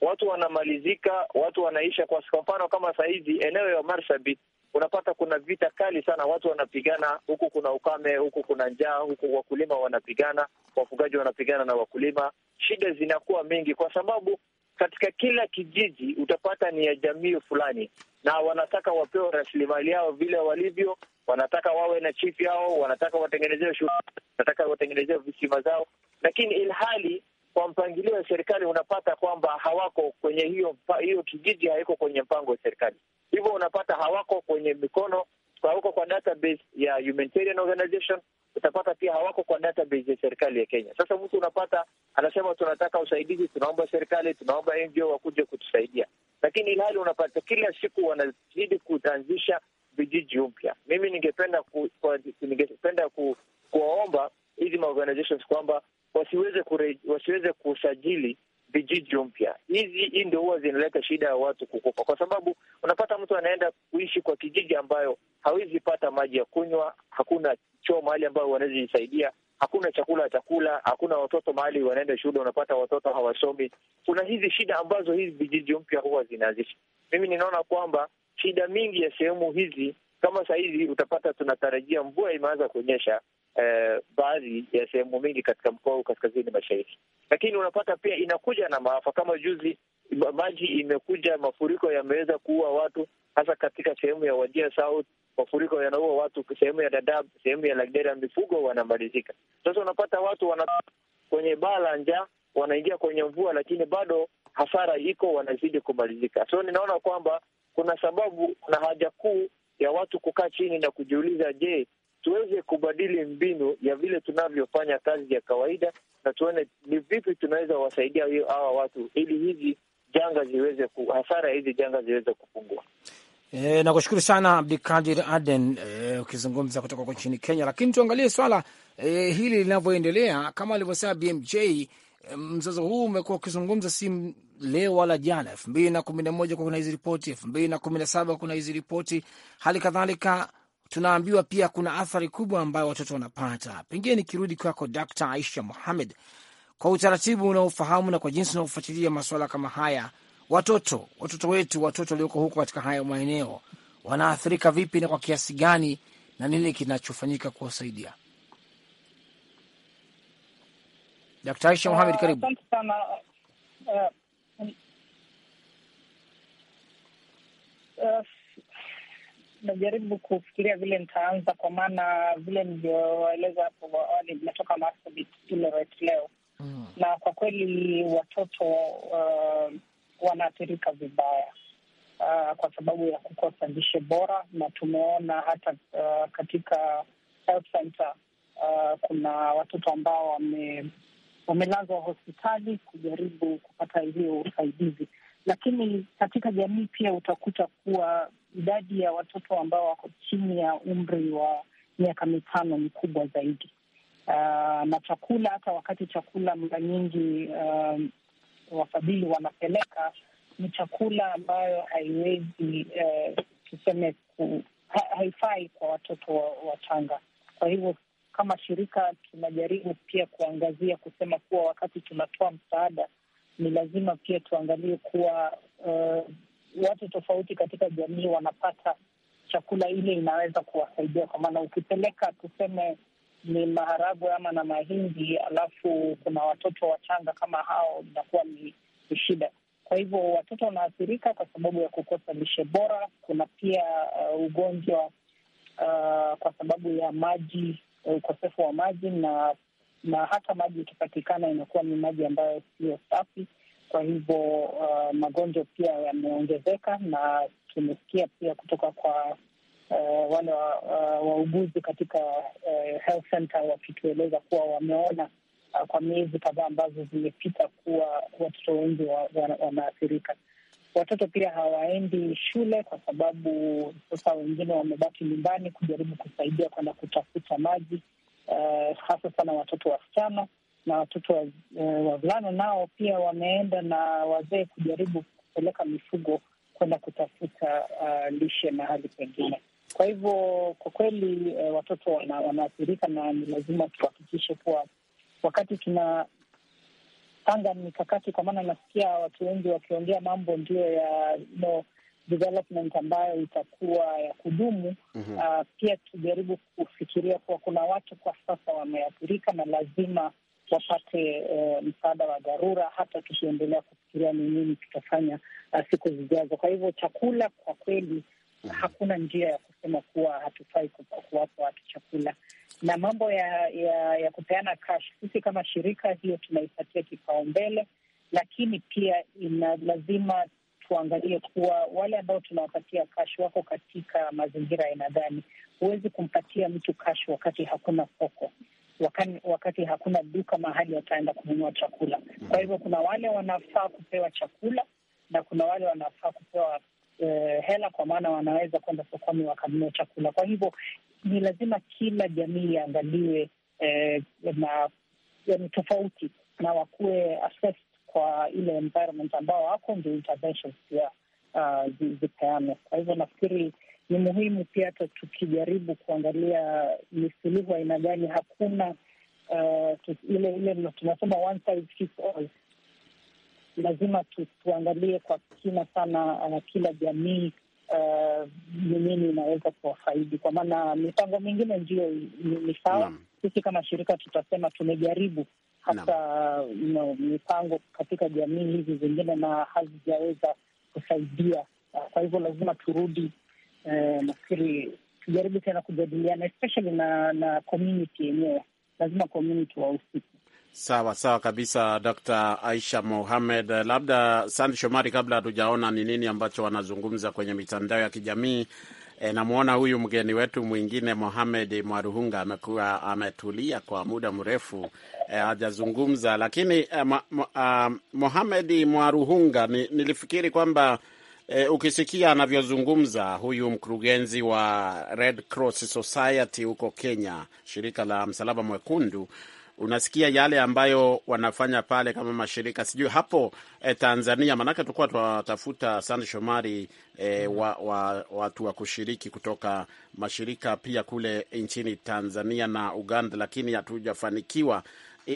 Watu wanamalizika, watu wanaisha. Kwa mfano kama sahizi eneo ya Marsabit unapata kuna vita kali sana, watu wanapigana, huku kuna ukame, huku kuna njaa, huku wakulima wanapigana, wafugaji wanapigana na wakulima. Shida zinakuwa mingi kwa sababu katika kila kijiji utapata ni ya jamii fulani na wanataka wapewe rasilimali yao vile walivyo, wanataka wawe na chief yao, wanataka watengenezewe shule, wanataka watengenezewe visima zao, lakini ilhali kwa mpangilio wa serikali unapata kwamba hawako kwenye hiyo hiyo, kijiji haiko kwenye mpango wa serikali, hivyo unapata hawako kwenye mikono, hawako kwa database ya humanitarian organization, utapata pia hawako kwa database ya serikali ya Kenya. Sasa mtu unapata anasema tunataka usaidizi, tunaomba serikali, tunaomba NGO wakuje kutusaidia, lakini ilhali unapata kila siku wanazidi kutanzisha vijiji upya. Mimi ningependa ku, kwa, ningependa ku, kuwaomba hizi maorganizations kwamba wasiweze kure, wasiweze kusajili vijiji mpya. Hizi hii ndio huwa zinaleta shida ya watu kukopa, kwa sababu unapata mtu anaenda kuishi kwa kijiji ambayo hawezi pata maji ya kunywa, hakuna choo mahali ambayo wanawezijisaidia, hakuna chakula cha kula, hakuna watoto mahali wanaenda shule, unapata watoto hawasomi. Kuna hizi shida ambazo hizi vijiji mpya huwa zinaanzisha. Mimi ninaona kwamba shida mingi ya sehemu hizi kama saa hizi utapata tunatarajia mvua imeanza kuonyesha, eh, baadhi ya sehemu mingi katika mkoa huu kaskazini mashariki, lakini unapata pia inakuja na maafa kama juzi maji imekuja, mafuriko yameweza kuua watu, hasa katika sehemu ya Wajia South. Mafuriko yanaua watu sehemu ya Dadaab, sehemu ya Lagdera, mifugo wanamalizika. Sasa unapata watu wana kwenye baa la njaa, wanaingia kwenye mvua, lakini bado hasara iko, wanazidi kumalizika. So ninaona kwamba kuna sababu na haja kuu ya watu kukaa chini na kujiuliza, je, tuweze kubadili mbinu ya vile tunavyofanya kazi ya kawaida, na tuone ni vipi tunaweza wasaidia hawa watu ili hizi janga ziweze ku, hasara hizi janga ziweze kupungua. E, na kushukuru sana Abdikadir Aden e, ukizungumza e, kutoka kwa nchini Kenya. Lakini tuangalie swala e, hili linavyoendelea kama alivyosema BMJ e, mzozo huu umekuwa ukizungumza si leo wala jana. elfu mbili na kumi na moja kuna hizi ripoti, elfu mbili na kumi na saba kuna hizi ripoti, hali kadhalika tunaambiwa pia kuna athari kubwa ambayo watoto wanapata. Pengine nikirudi kwako Dkt. Aisha muhamed kwa utaratibu unaofahamu na kwa jinsi unaofuatilia masuala kama haya, watoto watoto wetu, watoto walioko huko katika haya maeneo wanaathirika vipi na kwa kiasi gani, na nini kinachofanyika kuwasaidia? Dkt. Aisha ah, karibu najaribu kufikiria vile nitaanza, kwa maana vile nilivyoeleza hapo awali, nimetoka Marsabit leo mm. na kwa kweli watoto uh, wanaathirika vibaya uh, kwa sababu ya kukosa lishe bora, na tumeona hata uh, katika health center uh, kuna watoto ambao wamelazwa hospitali kujaribu kupata hiyo usaidizi lakini katika jamii pia utakuta kuwa idadi ya watoto ambao wako chini ya umri wa miaka mitano ni kubwa zaidi. Uh, na chakula, hata wakati chakula mara nyingi uh, wafadhili wanapeleka ni chakula ambayo haiwezi uh, tuseme ku, ha, haifai kwa watoto wachanga wa kwa hivyo kama shirika tunajaribu pia kuangazia kusema kuwa wakati tunatoa msaada ni lazima pia tuangalie kuwa uh, watu tofauti katika jamii wanapata chakula ile inaweza kuwasaidia, kwa maana ukipeleka tuseme ni maharagwe ama na mahindi, alafu kuna watoto wachanga kama hao, inakuwa ni shida. Kwa hivyo watoto wanaathirika kwa sababu ya kukosa lishe bora. Kuna pia uh, ugonjwa uh, kwa sababu ya maji, ukosefu wa maji na na hata maji ikipatikana inakuwa ni maji ambayo siyo safi. Kwa hivyo uh, magonjwa pia yameongezeka, na tumesikia pia kutoka kwa uh, wale uh, wauguzi uh, katika uh, health center wakitueleza kuwa wameona uh, kwa miezi kadhaa ambazo zimepita kuwa watoto wengi wanaathirika. Watoto pia hawaendi shule kwa sababu sasa wengine wamebaki nyumbani kujaribu kusaidia kwenda kutafuta maji uh, hasa sana watoto wasichana na watoto wavulana uh, eh, wavulana nao pia wameenda na wazee kujaribu kupeleka mifugo kwenda kutafuta uh, lishe mahali pengine. Kwa hivyo kwa kweli uh, watoto wanaathirika na ni lazima tuhakikishe kuwa wakati tuna panga mikakati, kwa maana nasikia watu wengi wakiongea mambo ndio ya you know, development ambayo itakuwa ya kudumu. mm -hmm. Uh, pia tujaribu kufikiria kuwa kuna watu kwa sasa wameathirika na lazima wapate uh, msaada wa dharura, hata tukiendelea kufikiria ni nini tutafanya uh, siku zijazo. Kwa hivyo chakula, kwa kweli mm -hmm. hakuna njia ya kusema kuwa hatufai kuwapa watu chakula na mambo ya ya, ya kupeana cash, sisi kama shirika hiyo tunaipatia kipaumbele, lakini pia ina lazima tuangalie kuwa wale ambao tunawapatia kash wako katika mazingira aina gani. Huwezi kumpatia mtu kash wakati hakuna soko Wakani, wakati hakuna duka mahali wataenda kununua chakula. Kwa hivyo kuna wale wanafaa kupewa chakula na kuna wale wanafaa kupewa eh, hela, kwa maana wanaweza kwenda sokoni wakanunua chakula. Kwa hivyo ni lazima kila jamii iangaliwe eh, na tofauti na wakuwe assessed kwa ile environment ambao wako ndio intervention pia uh, zipeanwe. Kwa hivyo nafikiri ni muhimu pia hata tukijaribu kuangalia ni suluhu aina gani, hakuna uh, ile ile tunasema one size fits all. Lazima tu, tuangalie kwa kina sana uh, kila jamii uh, ni uh, nini inaweza kuwafaidi, kwa maana mipango mingine ndio ni sawa. Sisi kama shirika tutasema tumejaribu hasa no. mipango katika jamii hizi zingine na hazijaweza kusaidia. Ah, kwa hivyo lazima turudi, eh, nafikiri tujaribu tena kujadiliana especially na na community yenyewe, lazima community wahusiki. Sawa sawa kabisa, Dr. Aisha Mohamed. Labda Sande Shomari, kabla hatujaona ni nini ambacho wanazungumza kwenye mitandao ya kijamii E, namwona huyu mgeni wetu mwingine Mohamed Mwaruhunga amekuwa ametulia kwa muda mrefu e, hajazungumza, e, lakini e, ma, ma, uh, Mohamed Mwaruhunga ni, nilifikiri kwamba e, ukisikia anavyozungumza huyu mkurugenzi wa Red Cross Society huko Kenya, shirika la Msalaba Mwekundu unasikia yale ambayo wanafanya pale kama mashirika sijui hapo eh, Tanzania, maanake tulikuwa tunawatafuta sana Shomari eh, wa, wa, watu wa kushiriki kutoka mashirika pia kule nchini Tanzania na Uganda, lakini hatujafanikiwa,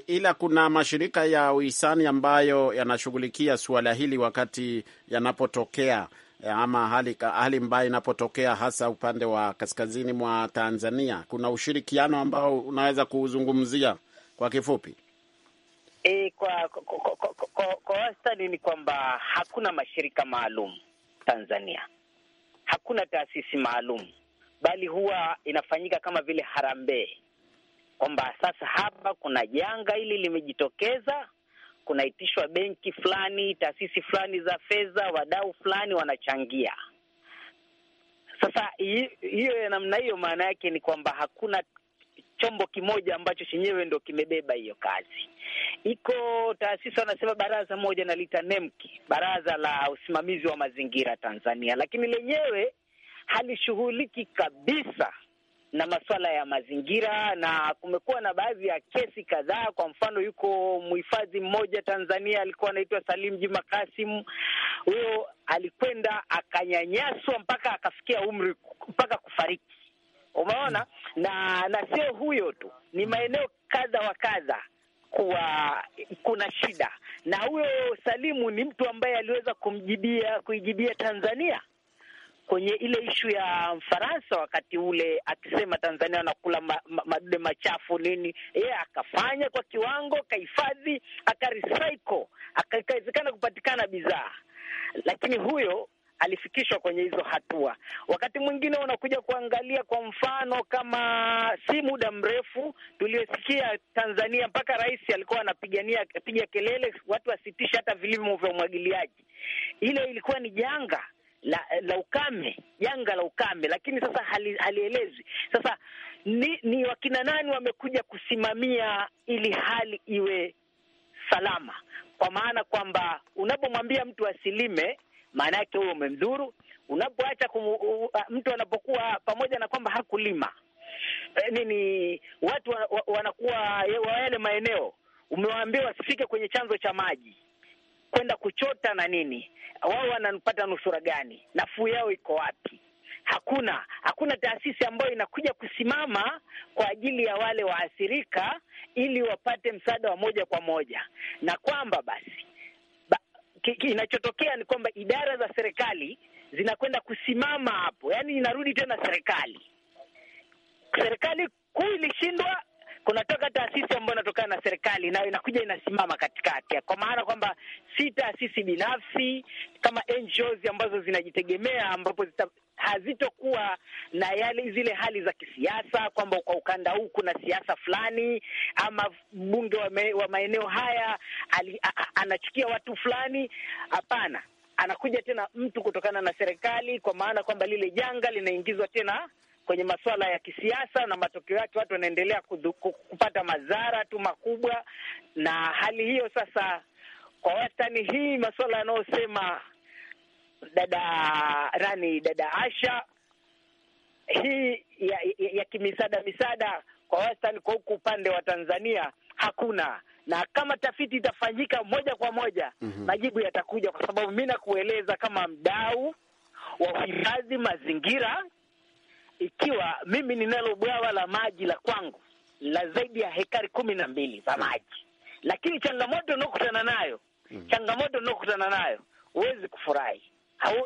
ila kuna mashirika ya uhisani ambayo yanashughulikia suala hili wakati yanapotokea eh, ama hali, hali mbaya inapotokea hasa upande wa kaskazini mwa Tanzania. Kuna ushirikiano ambao unaweza kuzungumzia kwa kifupi? E, kwa kwa, kwa, kwa, wastani ni kwamba hakuna mashirika maalum Tanzania, hakuna taasisi maalum, bali huwa inafanyika kama vile harambee, kwamba sasa hapa kuna janga hili limejitokeza, kunaitishwa benki fulani, taasisi fulani za fedha, wadau fulani wanachangia. Sasa hiyo ya namna hiyo, maana yake ni kwamba hakuna chombo kimoja ambacho chenyewe ndo kimebeba hiyo kazi. Iko taasisi wanasema baraza moja nalita NEMKI, baraza la usimamizi wa mazingira Tanzania, lakini lenyewe halishughuliki kabisa na masuala ya mazingira, na kumekuwa na baadhi ya kesi kadhaa. Kwa mfano, yuko mhifadhi mmoja Tanzania alikuwa anaitwa Salim Juma Kasim. Huyo alikwenda akanyanyaswa mpaka akafikia umri mpaka kufariki umeona na na sio huyo tu, ni maeneo kadha wa kadha kuwa kuna shida. Na huyo Salimu ni mtu ambaye aliweza kumjibia kuijibia Tanzania kwenye ile ishu ya Mfaransa wakati ule, akisema Tanzania wanakula madude ma, machafu nini. Yeye yeah, akafanya kwa kiwango, akahifadhi, akarecycle, akawezekana kupatikana bidhaa, lakini huyo alifikishwa kwenye hizo hatua. Wakati mwingine unakuja kuangalia, kwa mfano kama si muda mrefu tuliosikia Tanzania, mpaka rais alikuwa anapigania piga kelele watu wasitishe hata vilimo vya umwagiliaji. Ile ilikuwa ni janga la, la ukame, janga la ukame, lakini sasa hali, halielezwi sasa ni, ni wakina nani wamekuja kusimamia ili hali iwe salama, kwa maana kwamba unapomwambia mtu asilime maana yake huyo umemdhuru. Unapoacha mtu anapokuwa pamoja na kwamba hakulima e, nini, watu wa, wa, wanakuwa eh, wa yale maeneo umewaambia wasifike kwenye chanzo cha maji kwenda kuchota na nini, wao wanapata nusura gani? Nafuu yao iko wapi? Hakuna, hakuna taasisi ambayo inakuja kusimama kwa ajili ya wale waathirika ili wapate msaada wa moja kwa moja, na kwamba basi kinachotokea ni kwamba idara za serikali zinakwenda kusimama hapo, yaani inarudi tena serikali. Serikali kuu ilishindwa, kunatoka taasisi ambayo inatokana na serikali, nayo inakuja inasimama katikati, kwa maana kwamba si taasisi binafsi kama NGOs ambazo zinajitegemea, ambapo zita, hazitokuwa na yale zile hali za kisiasa kwamba kwa ukanda huu kuna siasa fulani ama bunge wa, me, wa maeneo haya ali, a, a, anachukia watu fulani. Hapana, anakuja tena mtu kutokana na serikali, kwa maana kwamba lile janga linaingizwa tena kwenye masuala ya kisiasa na matokeo yake watu wanaendelea kupata madhara tu makubwa. Na hali hiyo sasa, kwa wastani hii masuala yanayosema dada Rani, dada Asha hii ya, ya, ya kimisada misada kwa wastani kwa huku upande wa Tanzania hakuna, na kama tafiti itafanyika moja kwa moja mm -hmm. majibu yatakuja, kwa sababu mi nakueleza kama mdau wa uhifadhi mazingira, ikiwa mimi ninalo bwawa la maji la kwangu la zaidi ya hekari kumi na mbili za mhm. maji, lakini changamoto unaokutana nayo mm -hmm. changamoto unaokutana nayo huwezi kufurahi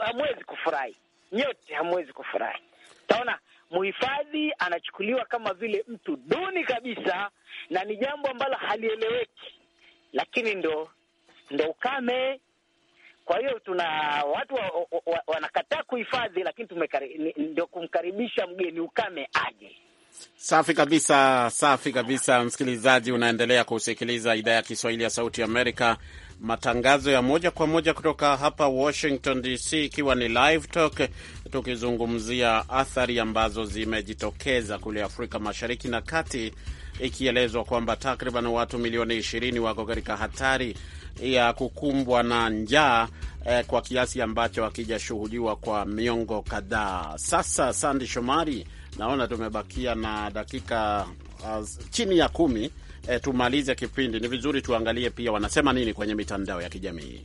hamwezi kufurahi nyote, hamwezi kufurahi. Taona mhifadhi anachukuliwa kama vile mtu duni kabisa, na ni jambo ambalo halieleweki, lakini ndo ndo ukame. Kwa hiyo tuna watu wa, wa, wa, wanakataa kuhifadhi, lakini ndio kumkaribisha mgeni ukame aje. Safi kabisa, safi kabisa. Msikilizaji, unaendelea kusikiliza idhaa ya Kiswahili ya Sauti Amerika matangazo ya moja kwa moja kutoka hapa Washington DC, ikiwa ni live talk, tukizungumzia athari ambazo zimejitokeza kule Afrika Mashariki na Kati, ikielezwa kwamba takriban watu milioni 20 wako katika hatari ya kukumbwa na njaa eh, kwa kiasi ambacho hakijashuhudiwa kwa miongo kadhaa sasa. Sandi Shomari, naona tumebakia na dakika uh, chini ya kumi e, tumalize kipindi, ni vizuri tuangalie pia wanasema nini kwenye mitandao ya kijamii.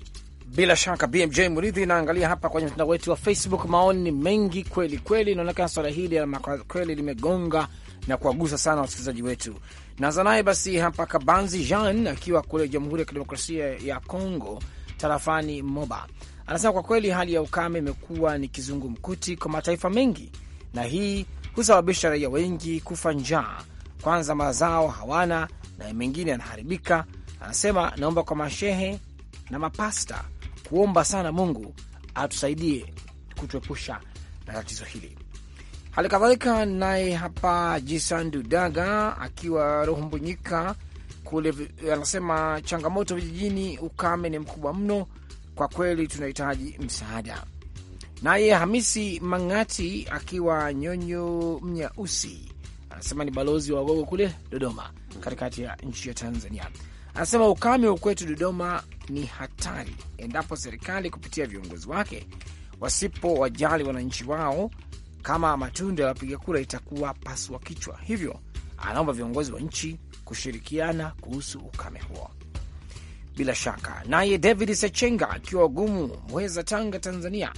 Bila shaka BMJ Muridhi inaangalia hapa kwenye mtandao wetu wa Facebook. Maoni ni mengi kweli kweli, inaonekana swala hili kweli limegonga na kuwagusa sana wasikilizaji wetu. Naanza naye basi hapa Kabanzi Jean akiwa kule Jamhuri ya Kidemokrasia ya Kongo, tarafani Moba, anasema kwa kweli hali ya ukame imekuwa ni kizungumkuti kwa mataifa mengi, na hii husababisha raia wengi kufa njaa, kwanza mazao hawana na mengine yanaharibika. Anasema naomba kwa mashehe na mapasta kuomba sana Mungu atusaidie kutuepusha na tatizo hili. Hali kadhalika naye hapa jisandudaga Daga akiwa Mbunyika kule anasema changamoto vijijini, ukame ni mkubwa mno, kwa kweli tunahitaji msaada. Naye Hamisi Mang'ati akiwa Nyonyo Mnyausi anasema ni balozi wa Wagogo kule Dodoma, katikati ya nchi ya Tanzania. Anasema ukame wa kwetu Dodoma ni hatari endapo serikali kupitia viongozi wake wasipo wajali wananchi wao kama matunda ya wapiga kura, itakuwa pasua kichwa. Hivyo anaomba viongozi wa nchi kushirikiana kuhusu ukame huo. Bila shaka, naye David Sechenga akiwa Ugumu, mweza Tanga, Tanzania,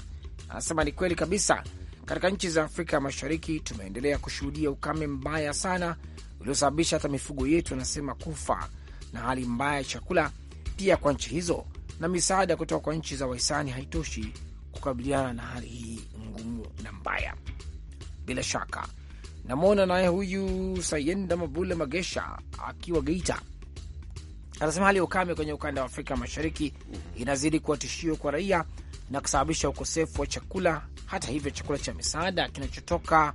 anasema ni kweli kabisa katika nchi za Afrika Mashariki tumeendelea kushuhudia ukame mbaya sana uliosababisha hata mifugo yetu anasema kufa na hali mbaya ya chakula pia kwa nchi hizo, na misaada kutoka kwa nchi za wahisani haitoshi kukabiliana na hali hii ngumu na mbaya. Bila shaka namwona naye huyu Sayenda mabule Magesha akiwa Geita, anasema hali ya ukame kwenye ukanda wa Afrika Mashariki inazidi kuwa tishio kwa raia na kusababisha ukosefu wa chakula. Hata hivyo, chakula cha misaada kinachotoka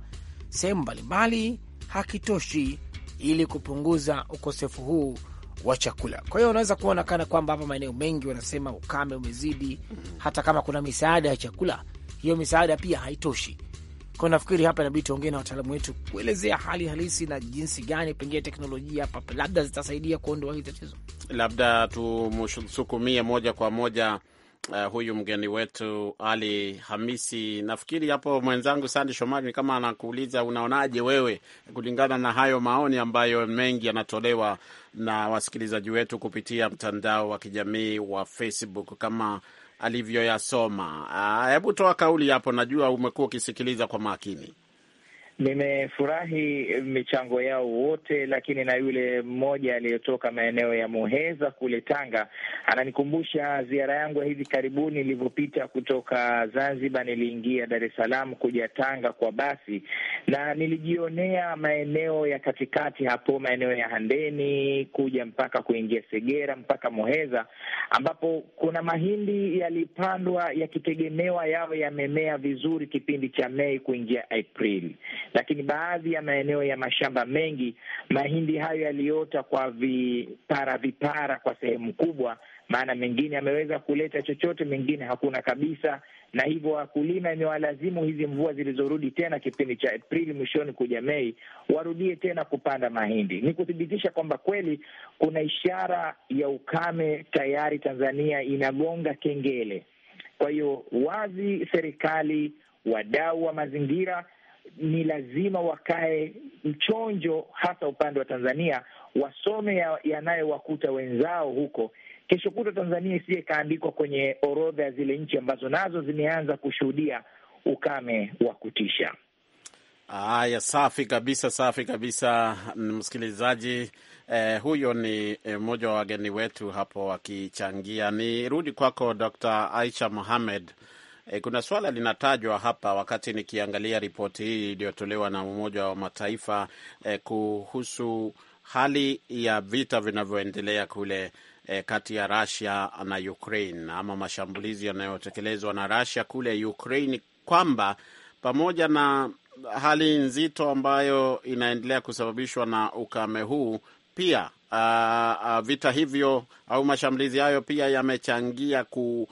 sehemu mbalimbali hakitoshi ili kupunguza ukosefu huu wa chakula. Kwa hiyo unaweza kuonekana kwamba hapa maeneo mengi wanasema ukame umezidi, hata kama kuna misaada ya chakula, hiyo misaada pia haitoshi. Kwa nafikiri hapa inabidi tuongee na wataalamu wetu kuelezea hali halisi na jinsi gani pengine teknolojia hapa labda zitasaidia kuondoa hili tatizo. Labda tumsukumie moja kwa moja uh, huyu mgeni wetu Ali Hamisi. Nafikiri hapo mwenzangu Sandi Shomari kama anakuuliza unaonaje wewe kulingana na hayo maoni ambayo mengi yanatolewa na wasikilizaji wetu kupitia mtandao wa kijamii wa Facebook kama alivyoyasoma. Ah, hebu uh, toa kauli hapo, najua umekuwa ukisikiliza kwa makini. Nimefurahi michango yao wote, lakini na yule mmoja aliyotoka maeneo ya Muheza kule Tanga ananikumbusha ziara yangu ya hivi karibuni nilivyopita kutoka Zanzibar. Niliingia Dar es Salaam kuja Tanga kwa basi, na nilijionea maeneo ya katikati hapo, maeneo ya Handeni kuja mpaka kuingia Segera mpaka Muheza, ambapo kuna mahindi yalipandwa yakitegemewa yawe yamemea vizuri kipindi cha Mei kuingia Aprili lakini baadhi ya maeneo ya mashamba mengi mahindi hayo yaliota kwa vipara vipara kwa sehemu kubwa, maana mengine yameweza kuleta chochote, mengine hakuna kabisa, na hivyo wakulima imewalazimu hizi mvua zilizorudi tena kipindi cha Aprili mwishoni kuja Mei warudie tena kupanda mahindi. Ni kuthibitisha kwamba kweli kuna ishara ya ukame tayari, Tanzania inagonga kengele. Kwa hiyo wazi serikali, wadau wa mazingira ni lazima wakae mchonjo, hasa upande wa Tanzania, wasome yanayowakuta ya wenzao huko. Kesho kutwa Tanzania isije ikaandikwa kwenye orodha ya zile nchi ambazo nazo zimeanza kushuhudia ukame wa kutisha. Haya, safi kabisa, safi kabisa, msikilizaji. Eh, huyo ni eh, mmoja eh, wa wageni wetu hapo wakichangia. Ni rudi kwako Dr. Aisha Mohamed. E, kuna swala linatajwa hapa wakati nikiangalia ripoti hii iliyotolewa na Umoja wa Mataifa e, kuhusu hali ya vita vinavyoendelea kule e, kati ya Russia na Ukraine ama mashambulizi yanayotekelezwa na Russia kule Ukraine kwamba pamoja na hali nzito ambayo inaendelea kusababishwa na ukame huu pia a, ah, ah, vita hivyo au mashambulizi hayo pia yamechangia ku,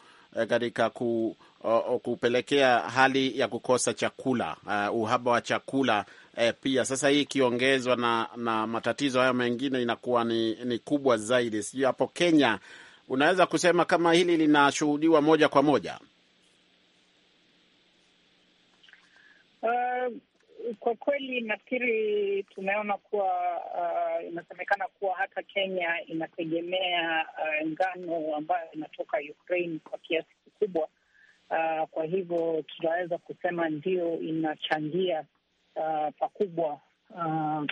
katika ku o, kupelekea hali ya kukosa chakula uh, uhaba wa chakula eh, pia sasa hii ikiongezwa na, na matatizo hayo mengine inakuwa ni, ni kubwa zaidi. Sijui hapo Kenya unaweza kusema kama hili linashuhudiwa moja kwa moja? Uh, kwa kweli nafikiri tumeona kuwa uh, inasemekana kuwa hata Kenya inategemea uh, ngano ambayo inatoka Ukraine kwa kiasi kikubwa Uh, kwa hivyo tunaweza kusema ndio inachangia uh, pakubwa uh,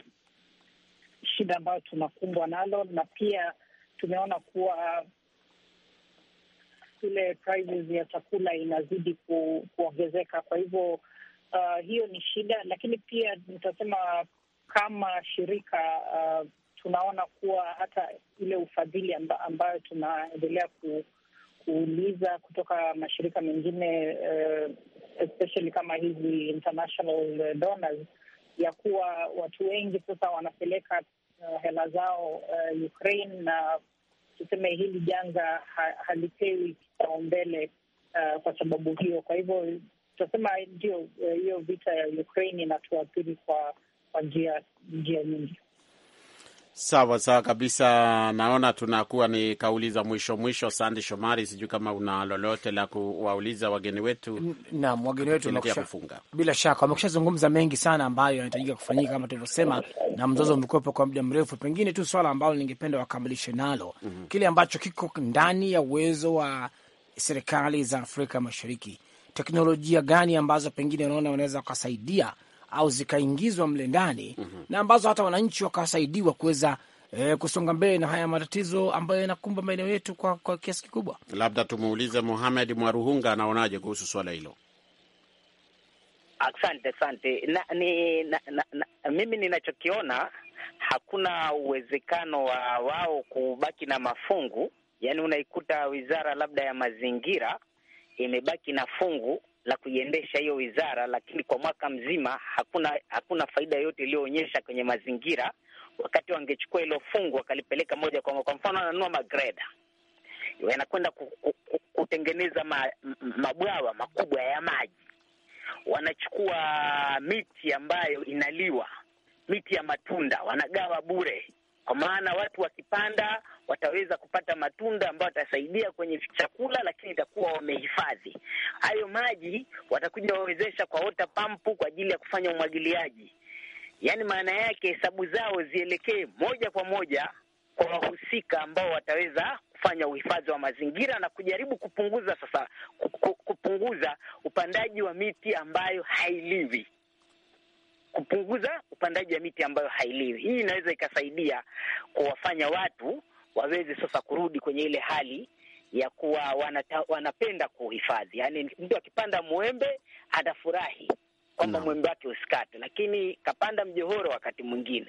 shida ambayo tunakumbwa nalo, na pia tumeona kuwa ile prices ya chakula inazidi ku, kuongezeka. Kwa hivyo uh, hiyo ni shida, lakini pia nitasema kama shirika uh, tunaona kuwa hata ile ufadhili amba, ambayo tunaendelea ku kuuliza kutoka mashirika mengine uh, especially kama hizi international eh, donors, ya kuwa watu wengi sasa wanapeleka uh, hela zao uh, Ukraine na tuseme hili janga ha, halipewi kipaumbele uh, kwa sababu hiyo. Kwa hivyo tutasema ndio hiyo uh, vita ya Ukraine inatuathiri kwa kwa njia njia nyingi. Sawa sawa kabisa, naona tunakuwa ni kauli za mwisho mwisho. Sande Shomari, sijui kama una lolote la kuwauliza wageni wetu. Naam, wageni wetu kufunga, bila shaka wamekushazungumza mengi sana ambayo yanahitajika kufanyika kama tulivyosema, na mzozo umekuwepo kwa muda mrefu. Pengine tu swala ambalo ningependa wakamilishe nalo mm -hmm. kile ambacho kiko ndani ya uwezo wa serikali za Afrika Mashariki, teknolojia gani ambazo pengine unaona wanaweza wakasaidia au zikaingizwa mle ndani mm -hmm. na ambazo hata wananchi wakawasaidiwa kuweza E, kusonga mbele na haya matatizo ambayo yanakumba maeneo yetu kwa, kwa kiasi kikubwa. Labda tumuulize Muhamed Mwaruhunga anaonaje kuhusu swala hilo. Asante, asante na, ni, na, na, na, mimi ninachokiona hakuna uwezekano wa wao kubaki na mafungu, yaani unaikuta wizara labda ya mazingira imebaki na fungu la kuiendesha hiyo wizara, lakini kwa mwaka mzima hakuna hakuna faida yoyote iliyoonyesha kwenye mazingira. Wakati wangechukua hilo fungu wakalipeleka moja kwa moja, kwa mfano wananunua magreda wanakwenda kutengeneza ma, mabwawa makubwa ya maji, wanachukua miti ambayo inaliwa, miti ya matunda wanagawa bure kwa maana watu wakipanda wataweza kupata matunda ambayo watasaidia kwenye chakula, lakini itakuwa wamehifadhi hayo maji. Watakuja wawezesha kwa water pump kwa ajili ya kufanya umwagiliaji. Yaani maana yake hesabu zao zielekee moja kwa moja kwa wahusika ambao wataweza kufanya uhifadhi wa mazingira na kujaribu kupunguza sasa, kupunguza upandaji wa miti ambayo hailiwi kupunguza upandaji wa miti ambayo hailiwi. Hii inaweza ikasaidia kuwafanya watu waweze sasa kurudi kwenye ile hali ya kuwa wanata, wanapenda kuhifadhi. Yaani mtu akipanda mwembe atafurahi kwamba no. mwembe wake usikate, lakini kapanda mjohoro wakati mwingine.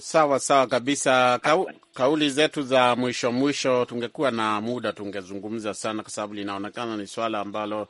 Sawa sawa kabisa. Kau, kauli zetu za mwisho mwisho, tungekuwa na muda tungezungumza sana, kwa sababu linaonekana ni swala ambalo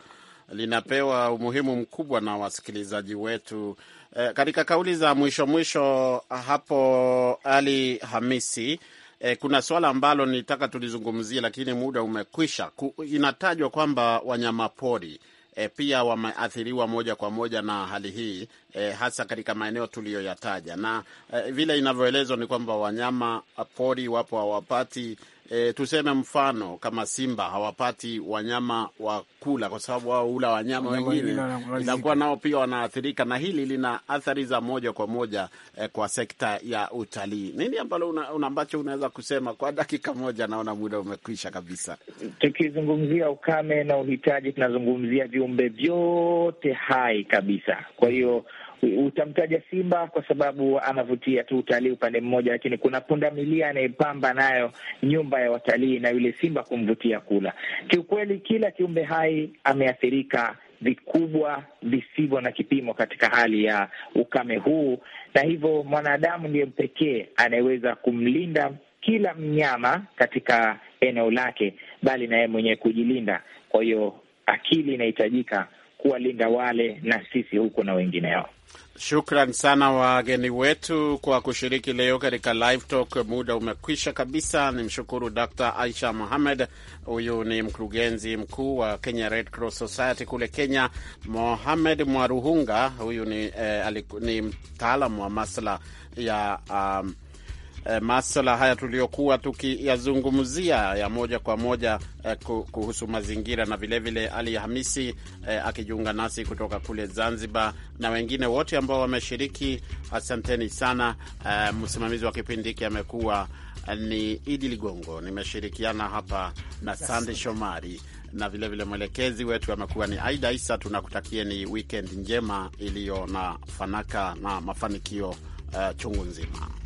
linapewa umuhimu mkubwa na wasikilizaji wetu E, katika kauli za mwisho mwisho ah, hapo Ali Hamisi, e, kuna suala ambalo nilitaka tulizungumzie, lakini muda umekwisha. inatajwa kwamba wanyamapori e, pia wameathiriwa moja kwa moja na hali hii e, hasa katika maeneo tuliyoyataja na e, vile inavyoelezwa ni kwamba wanyama pori wapo hawapati e, tuseme mfano kama Simba hawapati wanyama wa kula kwa sababu wao hula wanyama wengine, inakuwa nao pia wanaathirika, na hili lina athari za moja kwa moja e, kwa sekta ya utalii. Nini ambalo una, una ambacho unaweza kusema kwa dakika moja? Naona muda umekwisha kabisa. Tukizungumzia ukame na uhitaji, tunazungumzia viumbe vyote hai kabisa, kwa hiyo utamtaja Simba kwa sababu anavutia tu utalii upande mmoja, lakini kuna pundamilia anayepamba nayo nyumba ya watalii na yule simba kumvutia kula. Kiukweli, kila kiumbe hai ameathirika vikubwa visivyo na kipimo katika hali ya ukame huu, na hivyo mwanadamu ndiye pekee anayeweza kumlinda kila mnyama katika eneo lake, bali na yeye mwenyewe kujilinda. Kwa hiyo akili inahitajika kuwalinda wale na sisi huko na wengineo. Shukran sana wageni wetu kwa kushiriki leo katika Live Talk. Muda umekwisha kabisa. Ni mshukuru Dr Aisha Mohamed, huyu ni mkurugenzi mkuu wa Kenya Red Cross Society kule Kenya. Mohamed Mwaruhunga, huyu ni, eh, ni mtaalamu wa masala ya um, eh, maswala haya tuliyokuwa tukiyazungumzia ya moja kwa moja eh, kuhusu mazingira na vilevile Ali Hamisi eh, akijiunga nasi kutoka kule Zanzibar na wengine wote ambao wameshiriki, asanteni sana. Eh, msimamizi wa kipindi hiki amekuwa eh, ni Idi Ligongo, nimeshirikiana hapa na Sande Shomari na vilevile mwelekezi wetu amekuwa ni Aida Isa. ni wikend njema iliyo na fanaka na mafanikio uh, chungu nzima.